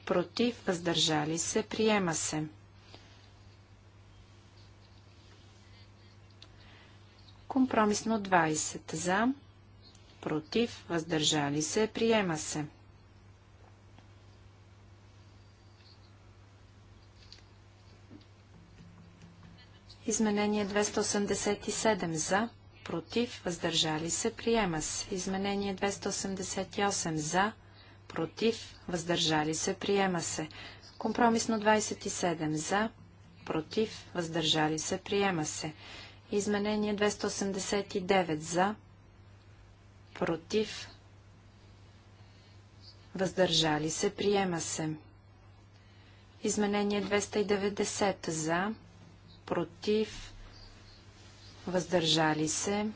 против, въздържали се, приема се. Компромисно 20 за, против, въздържали се, приема се. Изменение 287 за, против, въздържали се, приема се. Изменение 288 за, против, въздържали се, приема се. Компромисно 27 за, против, въздържали се, приема се. Изменение 289 за, против, въздържали се, приема се. Изменение 290 за, против, въздържали се.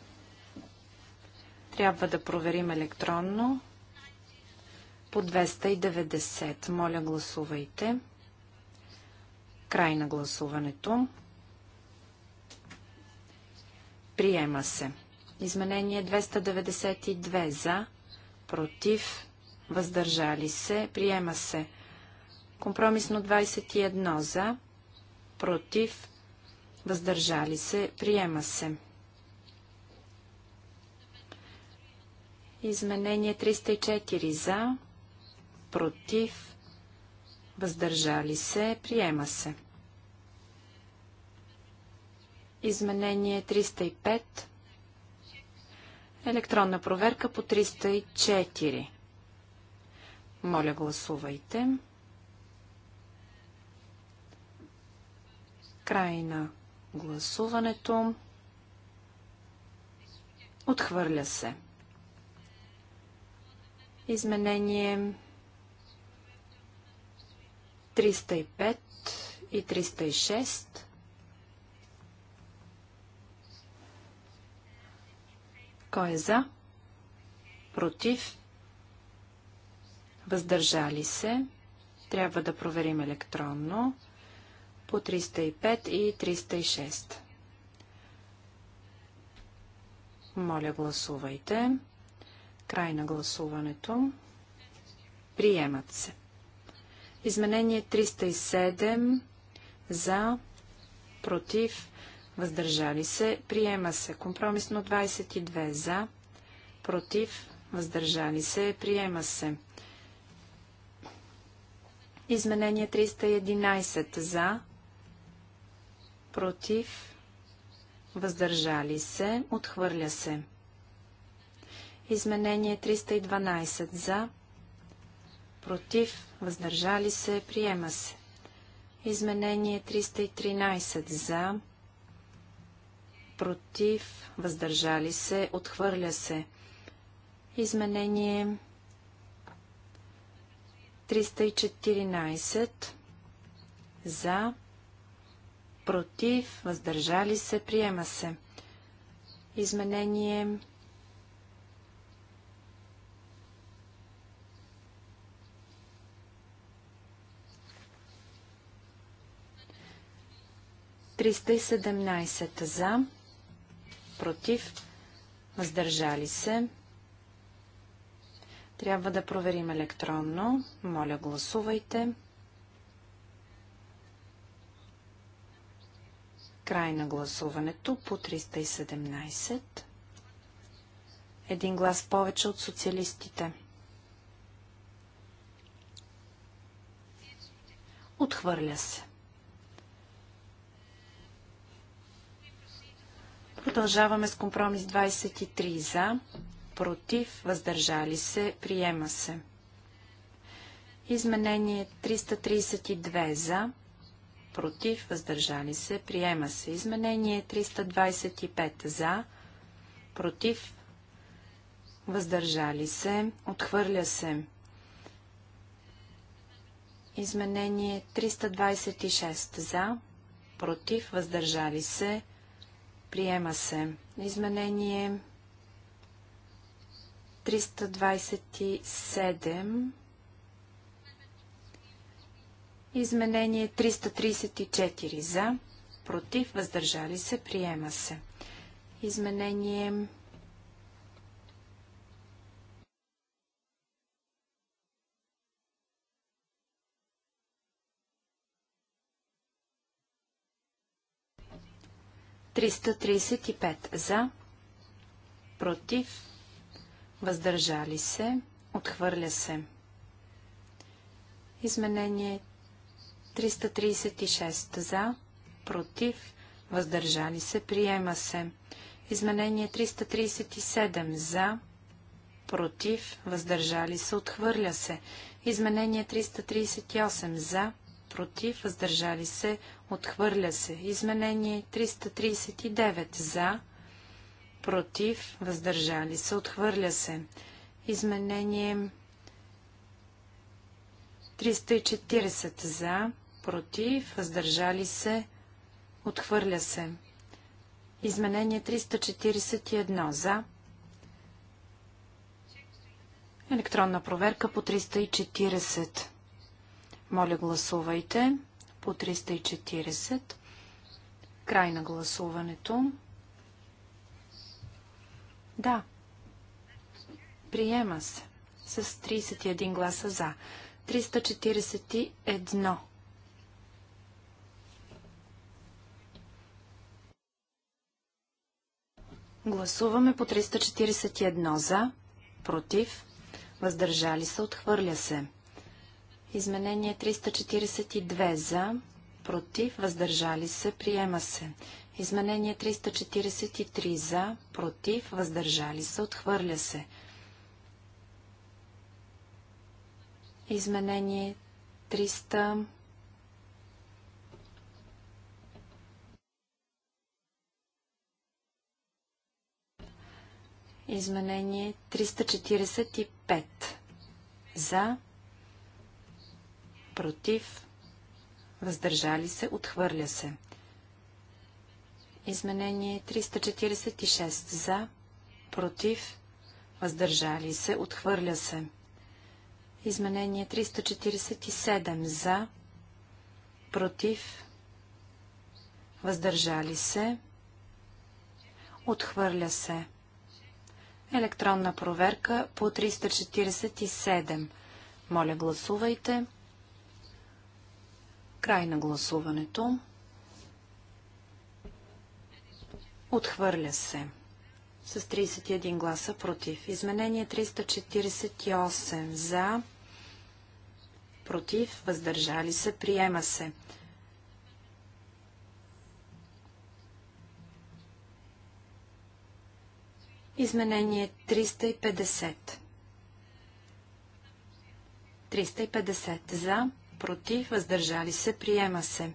Трябва да проверим електронно. По 290. Моля, гласувайте. Край на гласуването. Приема се. Изменение 292 за, против, въздържали се. Приема се. Компромисно 21 за, против, въздържали се, приема се. Изменение 304 за, против, въздържали се, приема се. Изменение 305. Електронна проверка по 304. Моля, гласувайте. Крайна гласуването. Отхвърля се. Изменение 305 и 306. Кой е за? Против? Въздържали се? Трябва да проверим електронно по 305 и 306. Моля, гласувайте. Край на гласуването. Приемат се. Изменение 307 за, против, въздържали се. Приема се. Компромисно 22 за, против, въздържали се. Приема се. Изменение 311 за, против, въздържали се, отхвърля се. Изменение 312 за, против, въздържали се, приема се. Изменение 313 за, против, въздържали се, отхвърля се. Изменение 314 за, против, въздържали се, приема се. Изменение 317 за, против, въздържали се. Трябва да проверим електронно. Моля, гласувайте. Гласувайте. Край на гласуването по 317. Един глас повече от социалистите. Отхвърля се. Продължаваме с компромис 23 за, против, въздържали се, приема се. Изменение 332 за, против, въздържали се, приема се. Изменение 325 за, против, въздържали се, отхвърля се. Изменение 326 за, против, въздържали се, приема се. Изменение 327 Изменение 334 за, против, въздържали се, приема се. Изменение Триста пет за, против, въздържали се, отхвърля се. Изменение 336 за, против, въздържали се, приема се. Изменение 337 за, против, въздържали се, отхвърля се. Изменение 338 за, против, въздържали се, отхвърля се. Изменение 339 за, против, въздържали се, отхвърля се. Изменение 340 за, против, въздържали се, отхвърля се. Изменение 341 за. Електронна проверка по 340. Моля гласувайте по 340. Край на гласуването. Да. Приема се. С 31 гласа за. 341. Гласуваме по 341 за, против, въздържали се, отхвърля се. Изменение 342 за, против, въздържали се, приема се. Изменение 343 за, против, въздържали се, отхвърля се. Изменение 300 изменение 345. За, против, въздържали се, отхвърля се. Изменение 346. За, против, въздържали се, отхвърля се. Изменение 347. За, против, въздържали се, отхвърля се. Електронна проверка по 347. Моля, гласувайте. Край на гласуването. Отхвърля се. С 31 гласа против. Изменение 348. За. Против. Въздържали се. Приема се. Изменение 350. 350 за, против, въздържали се, приема се.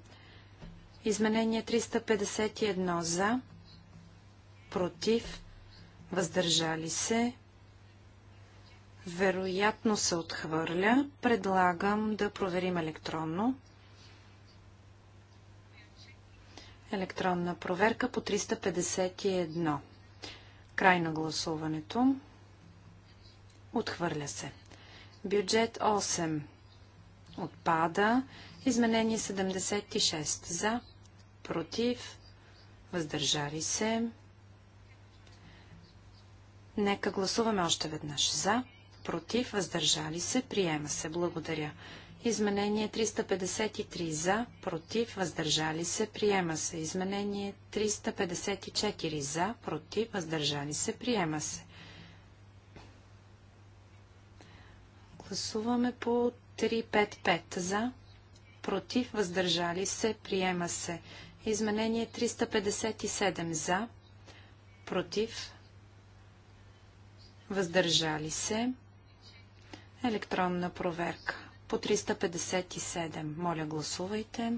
Изменение 351 за, против, въздържали се, вероятно се отхвърля. Предлагам да проверим електронно. Електронна проверка по 351. Край на гласуването. Отхвърля се. Бюджет 8. Отпада. Изменение 76. За. Против. Въздържали се. Нека гласуваме още веднъж. За. Против. Въздържали се. Приема се. Благодаря. Изменение 353 за, против, въздържали се, приема се. Изменение 354 за, против, въздържали се, приема се. Гласуваме по 355 за, против, въздържали се, приема се. Изменение 357 за, против, въздържали се. Електронна проверка по 357. Моля, гласувайте.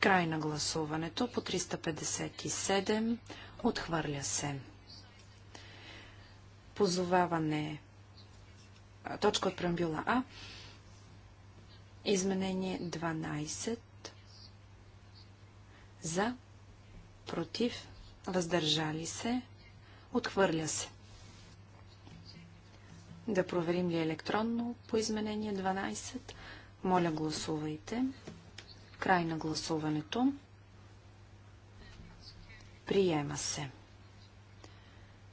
Край на гласуването по 357. Отхвърля се. Позоваване. Точка от преамбюла А. Изменение 12. За. Против. Въздържали се. Отхвърля се. Да проверим ли електронно по изменение 12. Моля, гласувайте. Край на гласуването. Приема се.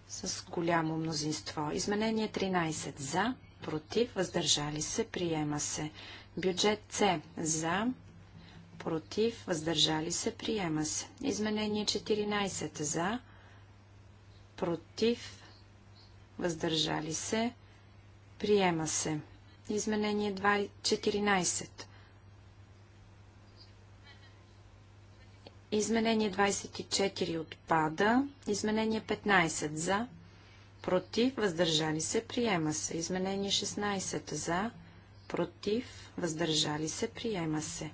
С голямо мнозинство. Изменение 13. За. Против. Въздържали се. Приема се. Бюджет С. За. Против. Въздържали се. Приема се. Изменение 14. За. Против. Въздържали се. Приема се. Изменение 14. Изменение 24 отпада. Изменение 15 за. Против. Въздържали се. Приема се. Изменение 16 за. Против. Въздържали се. Приема се.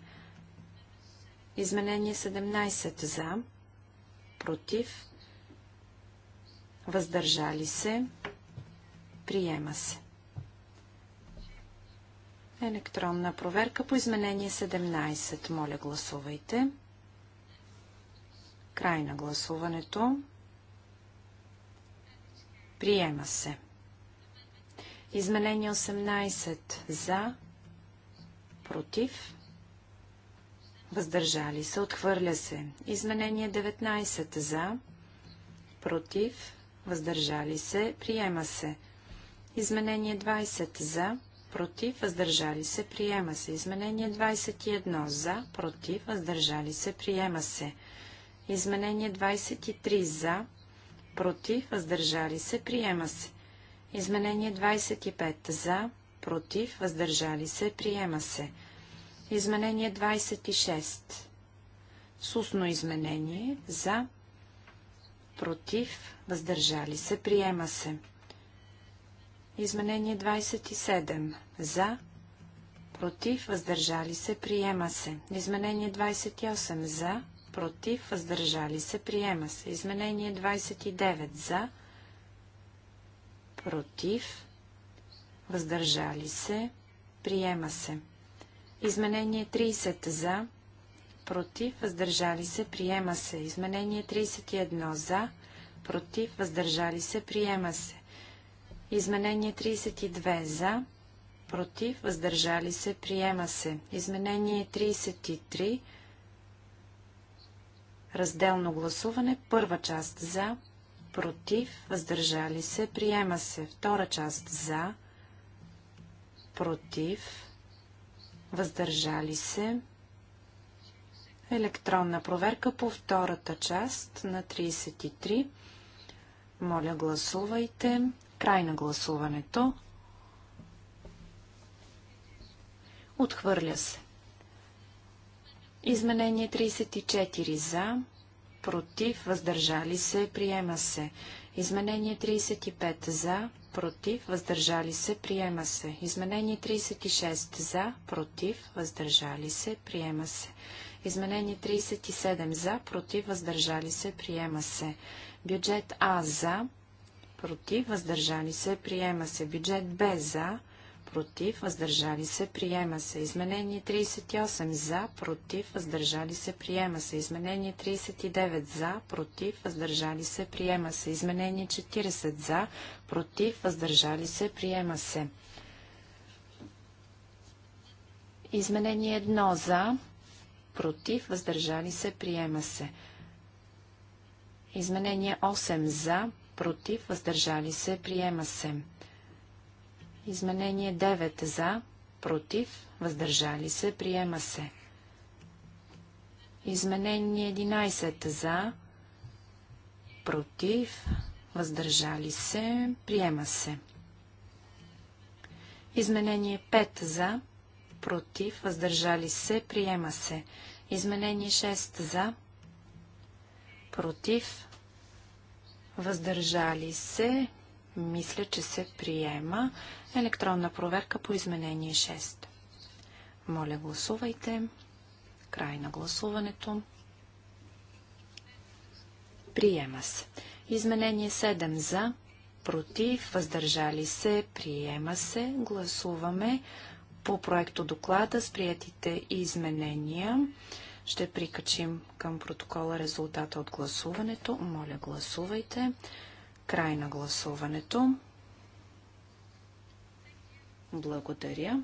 Изменение 17 за. Против. Въздържали се. Приема се. Електронна проверка по изменение 17. Моля, гласувайте. Край на гласуването. Приема се. Изменение 18. За. Против. Въздържали се. Отхвърля се. Изменение 19. За. Против. Въздържали се. Приема се. Изменение 20. За. Против против, въздържали се, приема се. Изменение 21 за, против, въздържали се, приема се. Изменение 23 за, против, въздържали се, приема се. Изменение 25 за, против, въздържали се, приема се. Изменение 26 Сусно изменение за, против, въздържали се, приема се. Изменение 27. За. Против. Въздържали се. Приема се. Изменение 28. За. Против. Въздържали се. Приема се. Изменение 29. За. Против. Въздържали се. Приема се. Изменение 30. За. Против. Въздържали се. Приема се. Изменение 31. За. Против. Въздържали се. Приема се. Изменение 32 за, против, въздържали се, приема се. Изменение 33, разделно гласуване, първа част за, против, въздържали се, приема се. Втора част за, против, въздържали се. Електронна проверка по втората част на 33. Моля, гласувайте. Край на гласуването. Отхвърля се. Изменение 34 за, против, въздържали се, приема се. Изменение 35 за, против, въздържали се, приема се. Изменение 36 за, против, въздържали се, приема се. Изменение 37 за, против, въздържали се, приема се. Бюджет А за, против, въздържали се, приема се. Бюджет Б за, против, въздържали се, приема се. Изменение 38 за, против, въздържали се, приема се. Изменение 39 за, против, въздържали се, приема се. Изменение 40 за, против, въздържали се, приема се. Изменение 1 за, против, въздържали се, приема се. Изменение 8 за, против, въздържали се, приема се. Изменение 9 за, против, въздържали се, приема се. Изменение 11 за, против, въздържали се, приема се. Изменение 5 за, против, въздържали се, приема се. Изменение 6 за, против, въздържали се, мисля, че се приема електронна проверка по изменение 6. Моля, гласувайте. Край на гласуването. Приема се. Изменение 7 за, против, въздържали се, приема се. Гласуваме по проекто доклада с приятите изменения. Ще прикачим към протокола резултата от гласуването. Моля, гласувайте. Край на гласуването. Благодаря.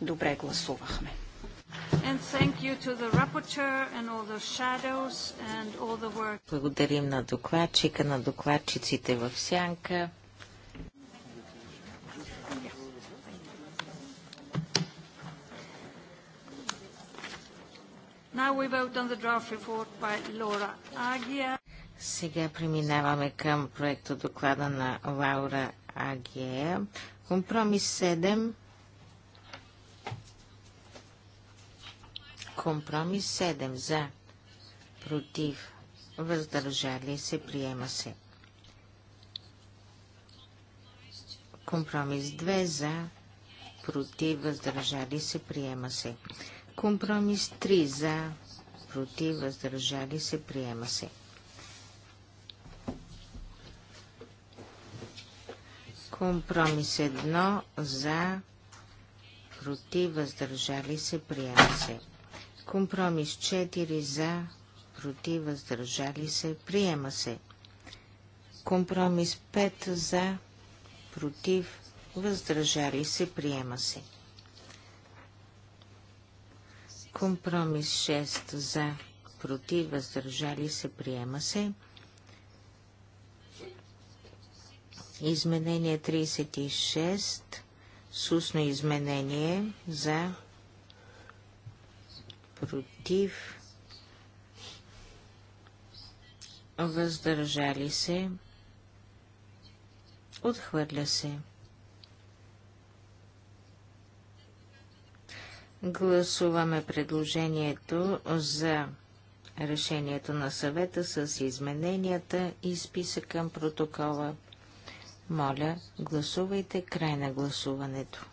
Добре гласувахме. Благодарим на докладчика, на докладчиците в сянка. Сега преминаваме към проекта доклада на Лаура Агия. Компромис 7. Компромис 7 за. Против. Въздържали се. Приема се. Компромис 2 за. Против. Въздържали се. Приема се. Компромис 3 за, против, въздържали се, приема се. Компромис 1 за, против, въздържали се, приема се. Компромис 4 за, против, въздържали се, приема се. Компромис 5 за, против, въздържали се, приема се. Компромис 6 за, против, въздържали се, приема се. Изменение 36, сусно изменение за, против, въздържали се, отхвърля се. Гласуваме предложението за решението на съвета с измененията и списък към протокола. Моля, гласувайте край на гласуването.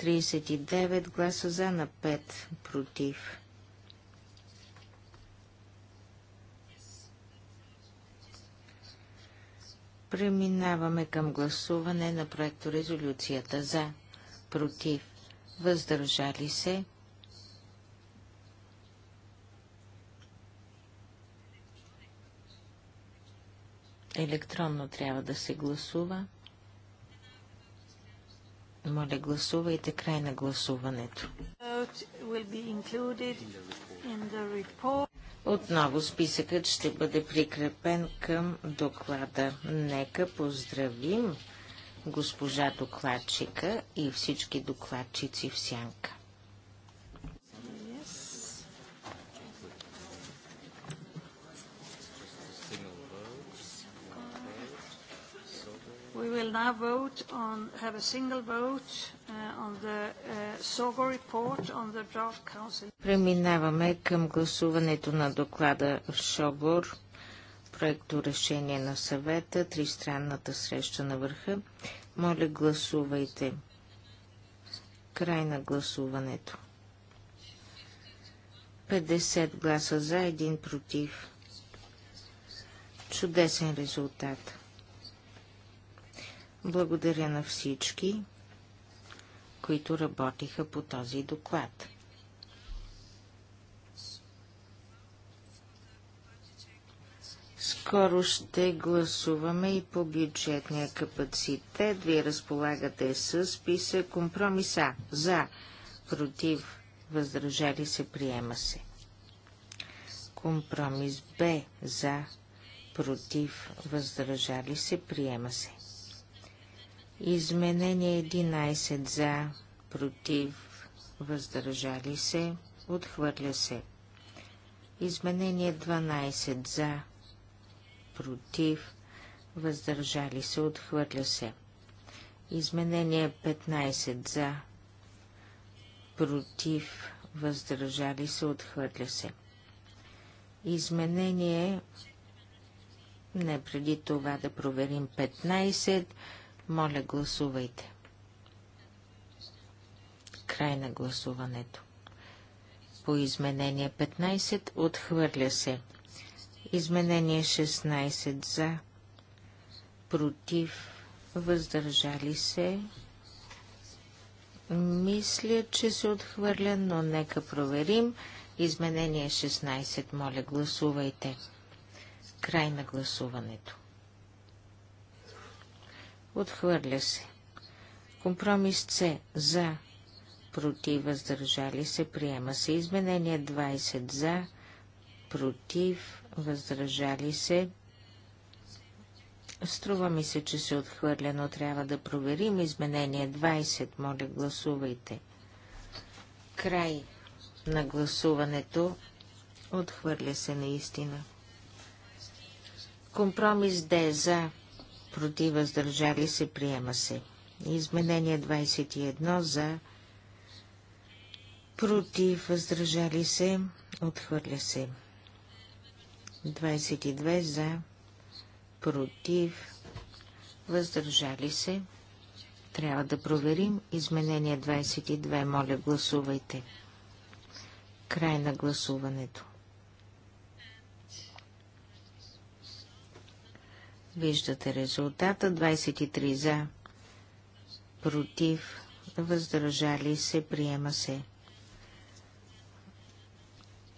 39 гласа за на 5 против. Преминаваме към гласуване на резолюцията за, против, въздържали се. Електронно трябва да се гласува. Моля, гласувайте край на гласуването. Отново списъкът ще бъде прикрепен към доклада. Нека поздравим госпожа докладчика и всички докладчици в сянка. We will now vote on, have a single vote uh, on the uh, SOGO report on the draft council. Преминаваме към гласуването на доклада в Шогор проекто решение на съвета, тристранната среща на върха. Моля, гласувайте. Край на гласуването. 50 гласа за, 1 против. Чудесен резултат. Благодаря на всички, които работиха по този доклад. Скоро ще гласуваме и по бюджетния капацитет. Вие разполагате с списък компромиса за, против, въздържали се, приема се. Компромис Б за, против, въздържали се, приема се. Изменение 11 за, против, въздържали се, отхвърля се. Изменение 12 за, против, въздържали се, отхвърля се. Изменение 15 за, против, въздържали се, отхвърля се. Изменение, не преди това да проверим 15, моля гласувайте. Край на гласуването. По изменение 15 отхвърля се. Изменение 16 за, против, въздържали се. Мисля, че се отхвърля, но нека проверим. Изменение 16. Моля, гласувайте. Край на гласуването. Отхвърля се. Компромис С. За. Против. Въздържали се. Приема се. Изменение 20. За. Против въздържали се. Струва ми се, че се отхвърля, но трябва да проверим изменение 20. Моля, гласувайте. Край на гласуването отхвърля се наистина. Компромис Д за, против въздържали се, приема се. Изменение 21 за, против въздържали се, отхвърля се. 22 за, против, въздържали се. Трябва да проверим изменение 22. Моля, гласувайте. Край на гласуването. Виждате резултата. 23 за, против, въздържали се, приема се.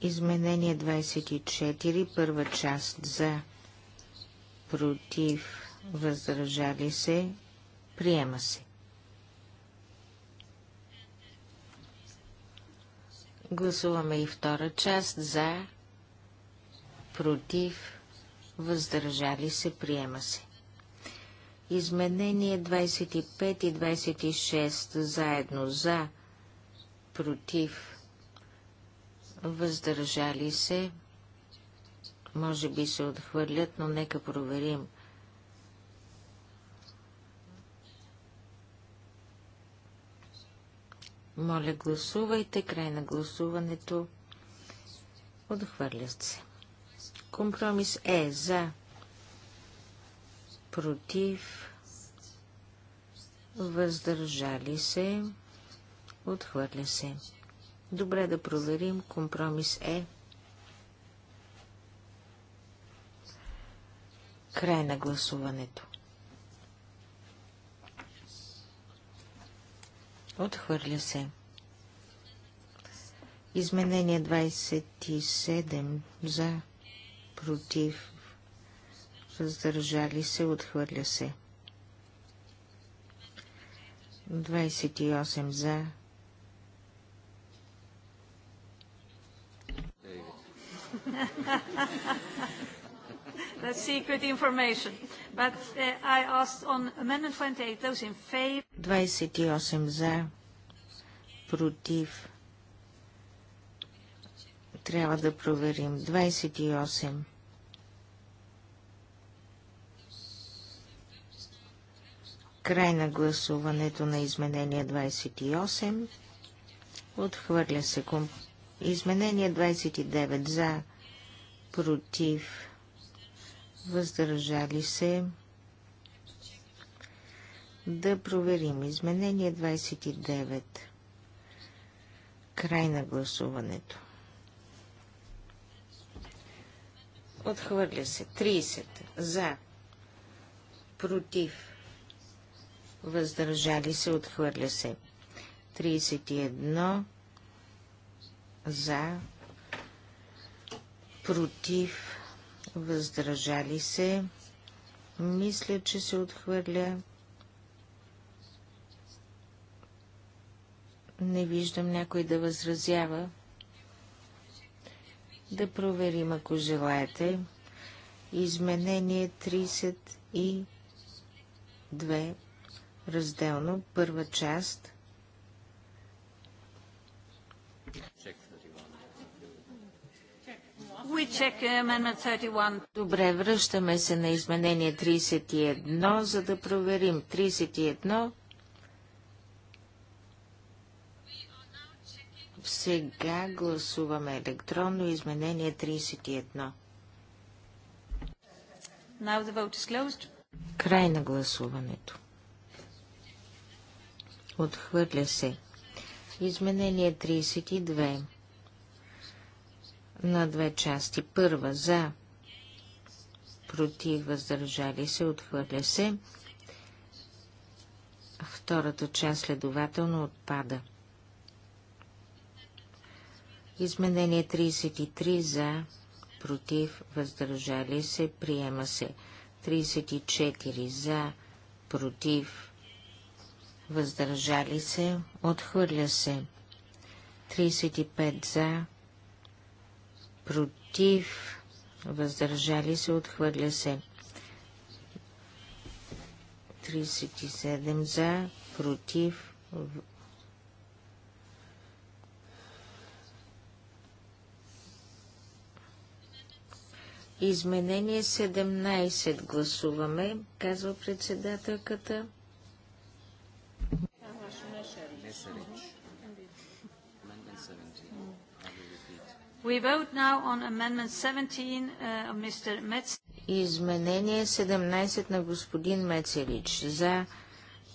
Изменение 24, първа част за, против, въздържали се, приема се. Гласуваме и втора част за, против, въздържали се, приема се. Изменение 25 и 26 заедно за, против, въздържали се, може би се отхвърлят, но нека проверим. Моля, гласувайте. Край на гласуването. Отхвърлят се. Компромис е за, против, въздържали се, отхвърля се. Добре да проверим компромис Е. Край на гласуването. Отхвърля се. Изменение 27 за, против, въздържали се, отхвърля се. 28 за, <laughs> That's secret information. But uh, I asked on amendment 28, those in favor. 28 за, против. Трябва да проверим. 28. Край на гласуването на изменение 28. Отхвърля се компания. Изменение 29 за, против, въздържали се. Да проверим. Изменение 29. Край на гласуването. Отхвърля се. 30. За. Против. Въздържали се. Отхвърля се. 31 за, против, въздържали се, мисля, че се отхвърля. Не виждам някой да възразява. Да проверим, ако желаете. Изменение 32. Разделно. Първа част. Добре, връщаме се на изменение 31, за да проверим 31. Сега гласуваме електронно изменение 31. Край на гласуването. Отхвърля се. Изменение 32 на две части. Първа за, против, въздържали се, отхвърля се. Втората част следователно отпада. Изменение 33 за, против, въздържали се, приема се. 34 за, против, въздържали се, отхвърля се. 35 за, против, въздържали се, отхвърля се. 37 за, против, Изменение 17 гласуваме, казва председателката. Месарик. We vote now on amendment 17 uh, of Mr. Metz. Изменение 17 на господин Мецелич. За,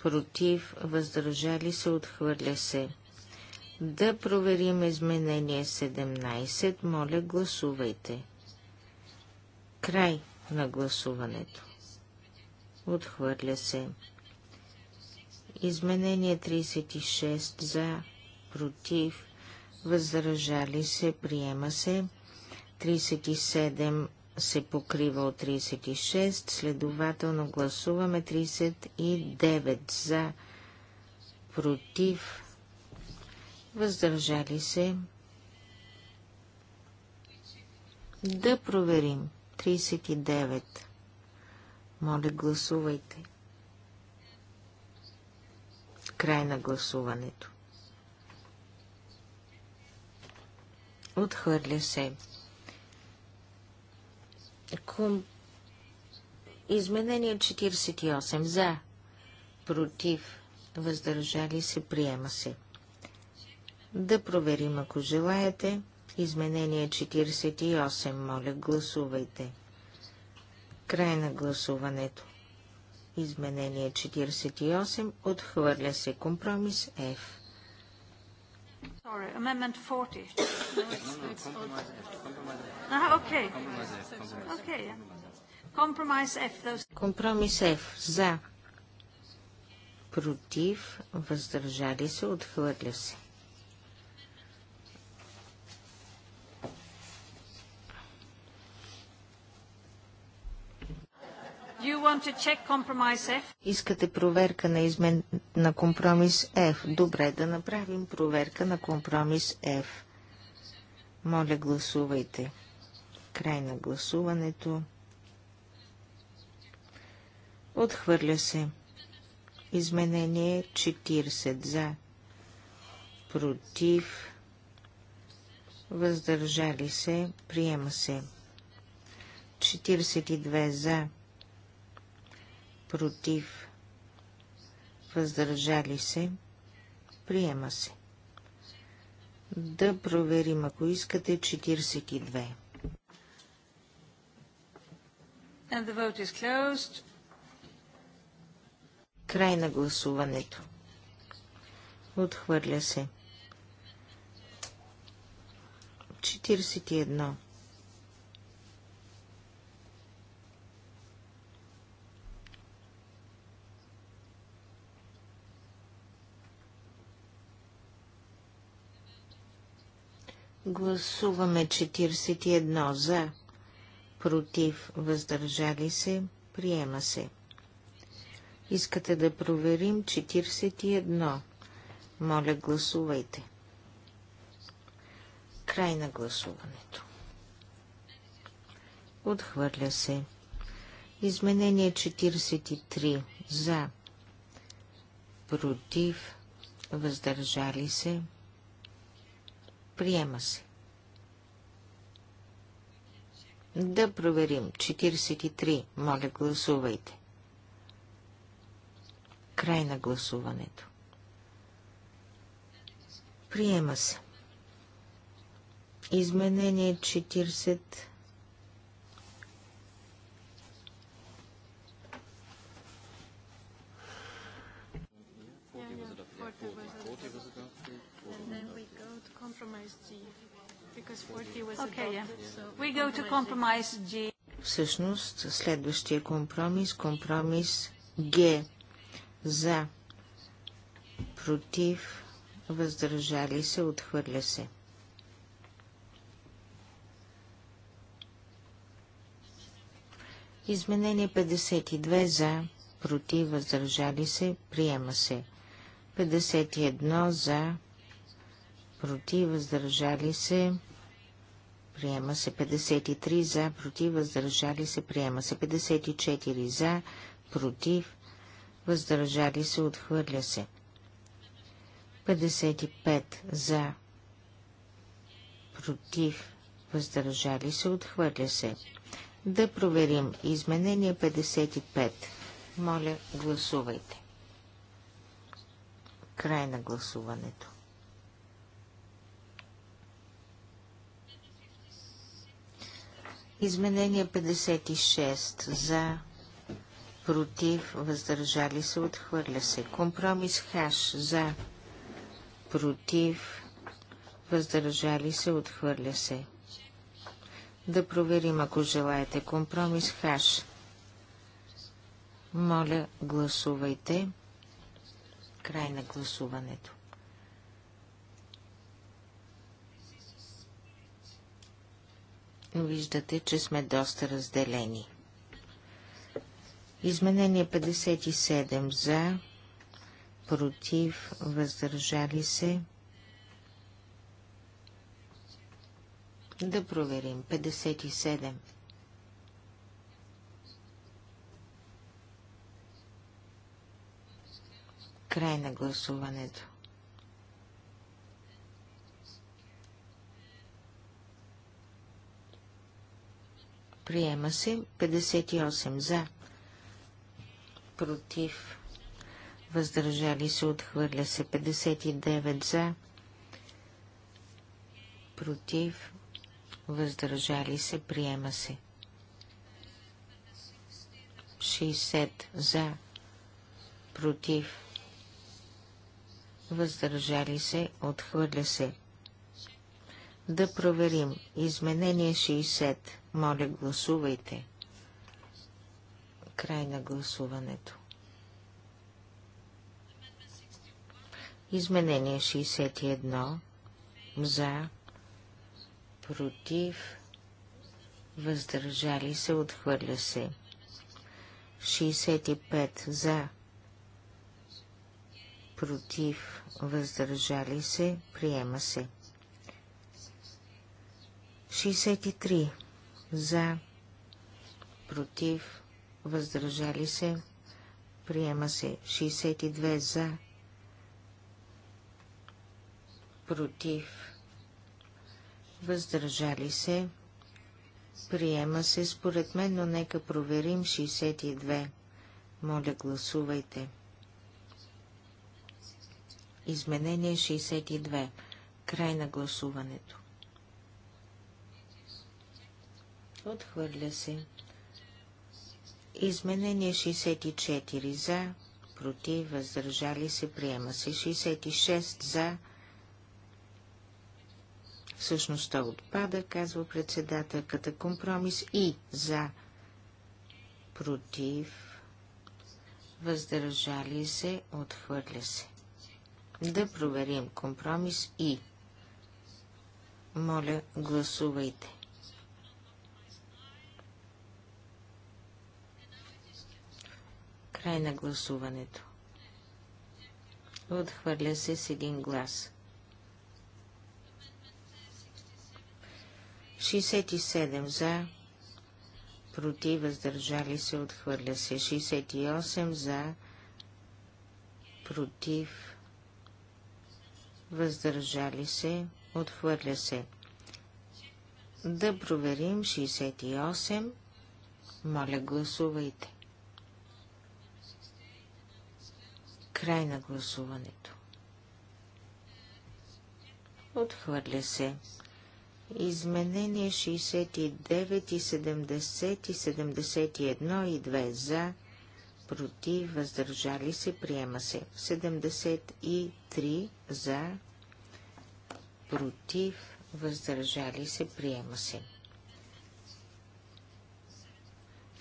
против, въздържали се, отхвърля се. Да проверим изменение 17. Моля, гласувайте. Край на гласуването. Отхвърля се. Изменение 36 за, против, въздържали се, приема се. 37 се покрива от 36, следователно гласуваме 39 за, против, въздържали се. Да проверим. 39. Моля, гласувайте. Край на гласуването. Отхвърля се. Ком... Изменение 48. За. Против. Въздържали се. Приема се. Да проверим, ако желаете. Изменение 48. Моля, гласувайте. Край на гласуването. Изменение 48. Отхвърля се компромис F. Sorry, amendment 40. No, it's, it's ah, okay. Okay, yeah. Compromise F, those... F. За. Против. Въздържали се. Отхвърля се. Искате проверка на, измен... на компромис F. Добре, да направим проверка на компромис F. Моля, гласувайте. Край на гласуването. Отхвърля се. Изменение 40 за. Против. Въздържали се. Приема се. 42 за против, въздържали се, приема се. Да проверим, ако искате, 42. And the vote is closed. Край на гласуването. Отхвърля се. 41. Гласуваме 41 за, против, въздържали се, приема се. Искате да проверим 41. Моля, гласувайте. Край на гласуването. Отхвърля се. Изменение 43. За. Против. Въздържали се. Приема се. Да проверим. 43. Моля, гласувайте. Край на гласуването. Приема се. Изменение 40. Всъщност, следващия компромис, компромис Г. За. Против. Въздържали се. Отхвърля се. Изменение 52 за, против, въздържали се, приема се. 51 за, против, въздържали се, приема се 53 за, против, въздържали се, приема се 54 за, против, въздържали се, отхвърля се. 55 за, против, въздържали се, отхвърля се. Да проверим изменение 55. Моля, гласувайте. Край на гласуването. Изменение 56 за, против, въздържали се, отхвърля се. Компромис хаш за, против, въздържали се, отхвърля се. Да проверим, ако желаете. Компромис хаш. Моля, гласувайте. Край на гласуването. виждате, че сме доста разделени. Изменение 57 за, против, въздържали се. Да проверим. 57. Край на гласуването. Приема се 58 за. Против. Въздържали се. Отхвърля се 59 за. Против. Въздържали се. Приема се. 60 за. Против. Въздържали се. Отхвърля се да проверим. Изменение 60. Моля, гласувайте. Край на гласуването. Изменение 61. За. Против. Въздържали се. Отхвърля се. 65. За. Против. Въздържали се. Приема се. 63 за, против, въздържали се, приема се 62 за, против, въздържали се, приема се според мен, но нека проверим 62. Моля, гласувайте. Изменение 62. Край на гласуването. Отхвърля се. Изменение 64 за, против, въздържали се, приема се. 66 за. Всъщност то отпада, казва председателката. Компромис и за, против, въздържали се, отхвърля се. Да проверим компромис и. Моля, гласувайте. Край на гласуването. Отхвърля се с един глас. 67 за, против, въздържали се, отхвърля се. 68 за, против, въздържали се, отхвърля се. Да проверим 68. Моля, гласувайте. Край на гласуването. Отхвърля се. Изменение 69 и 70 и 71 и 2 за, против, въздържали се, приема се. 73 за, против, въздържали се, приема се.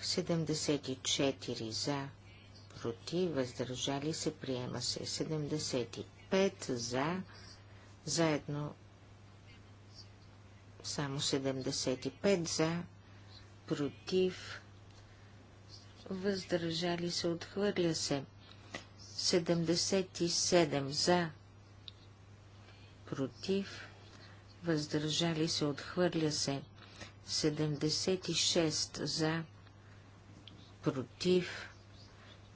74 за, против, въздържали се, приема се. 75 за, заедно само 75 за, против, въздържали се, отхвърля се. 77 за, против, въздържали се, отхвърля се. 76 за, против,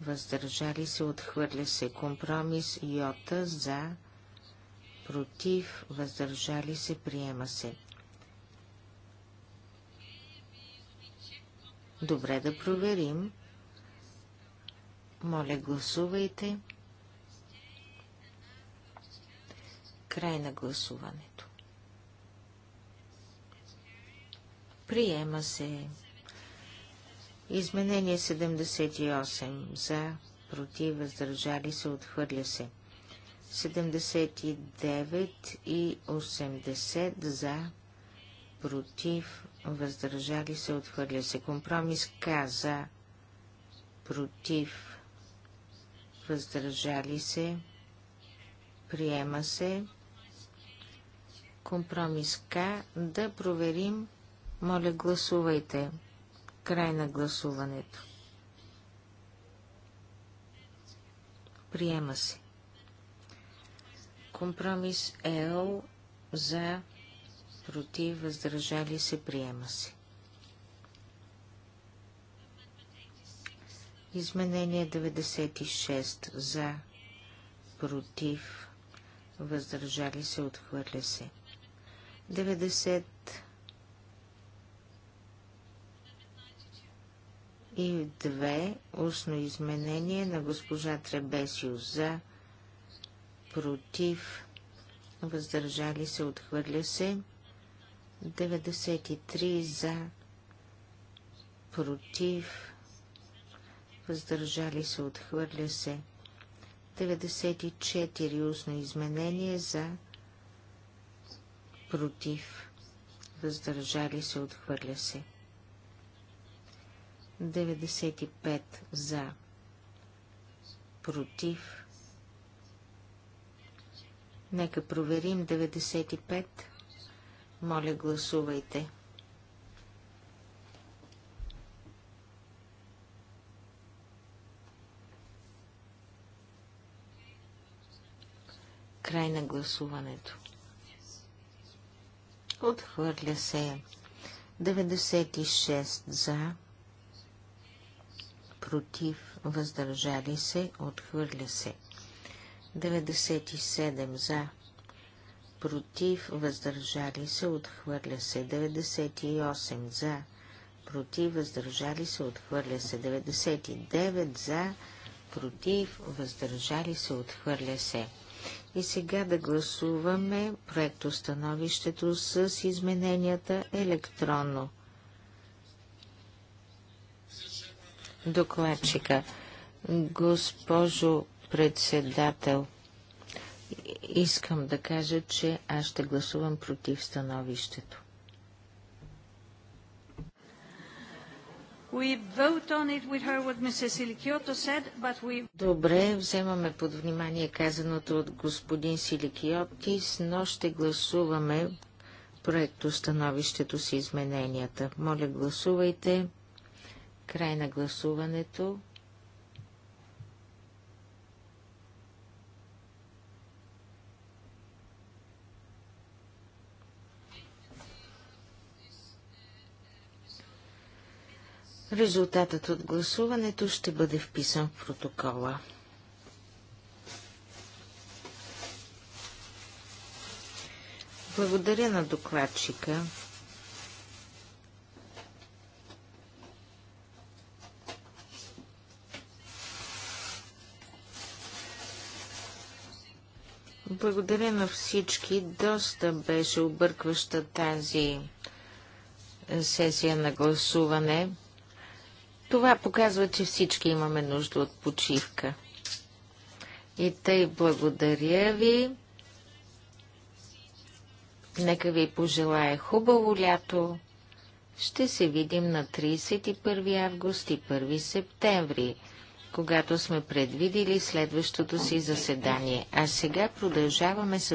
въздържали се, отхвърля се. Компромис Йота за, против, въздържали се, приема се. Добре да проверим. Моля, гласувайте. Край на гласуването. Приема се. Изменение 78 за, против, въздържали се, отхвърля се. 79 и 80 за, против, въздържали се, отхвърля се. Компромис К за, против, въздържали се, приема се. Компромис К да проверим. Моля, гласувайте. Край на гласуването. Приема се. Компромис ЕО. за против, въздържали се, приема се. Изменение 96 за против, въздържали се, отхвърля се. и две устно изменение на госпожа Требесиус за, против, въздържали се, отхвърля се, 93 за, против, въздържали се, отхвърля се, 94 устно изменение за, против, въздържали се, отхвърля се. 95 за, против. Нека проверим 95. Моля, гласувайте. Край на гласуването. Отхвърля се 96 за, против, въздържали се, отхвърля се. 97 за, против, въздържали се, отхвърля се. 98 за, против, въздържали се, отхвърля се. 99 за, против, въздържали се, отхвърля се. И сега да гласуваме Проекто становището с измененията електронно. докладчика. Госпожо председател, искам да кажа, че аз ще гласувам против становището. Добре, вземаме под внимание казаното от господин Силикиотис, но ще гласуваме проекто становището с измененията. Моля, гласувайте. Край на гласуването. Резултатът от гласуването ще бъде вписан в протокола. Благодаря на докладчика. Благодаря на всички. Доста беше объркваща тази сесия на гласуване. Това показва, че всички имаме нужда от почивка. И тъй благодаря ви. Нека ви пожелая хубаво лято. Ще се видим на 31 август и 1 септември когато сме предвидили следващото си заседание. А сега продължаваме с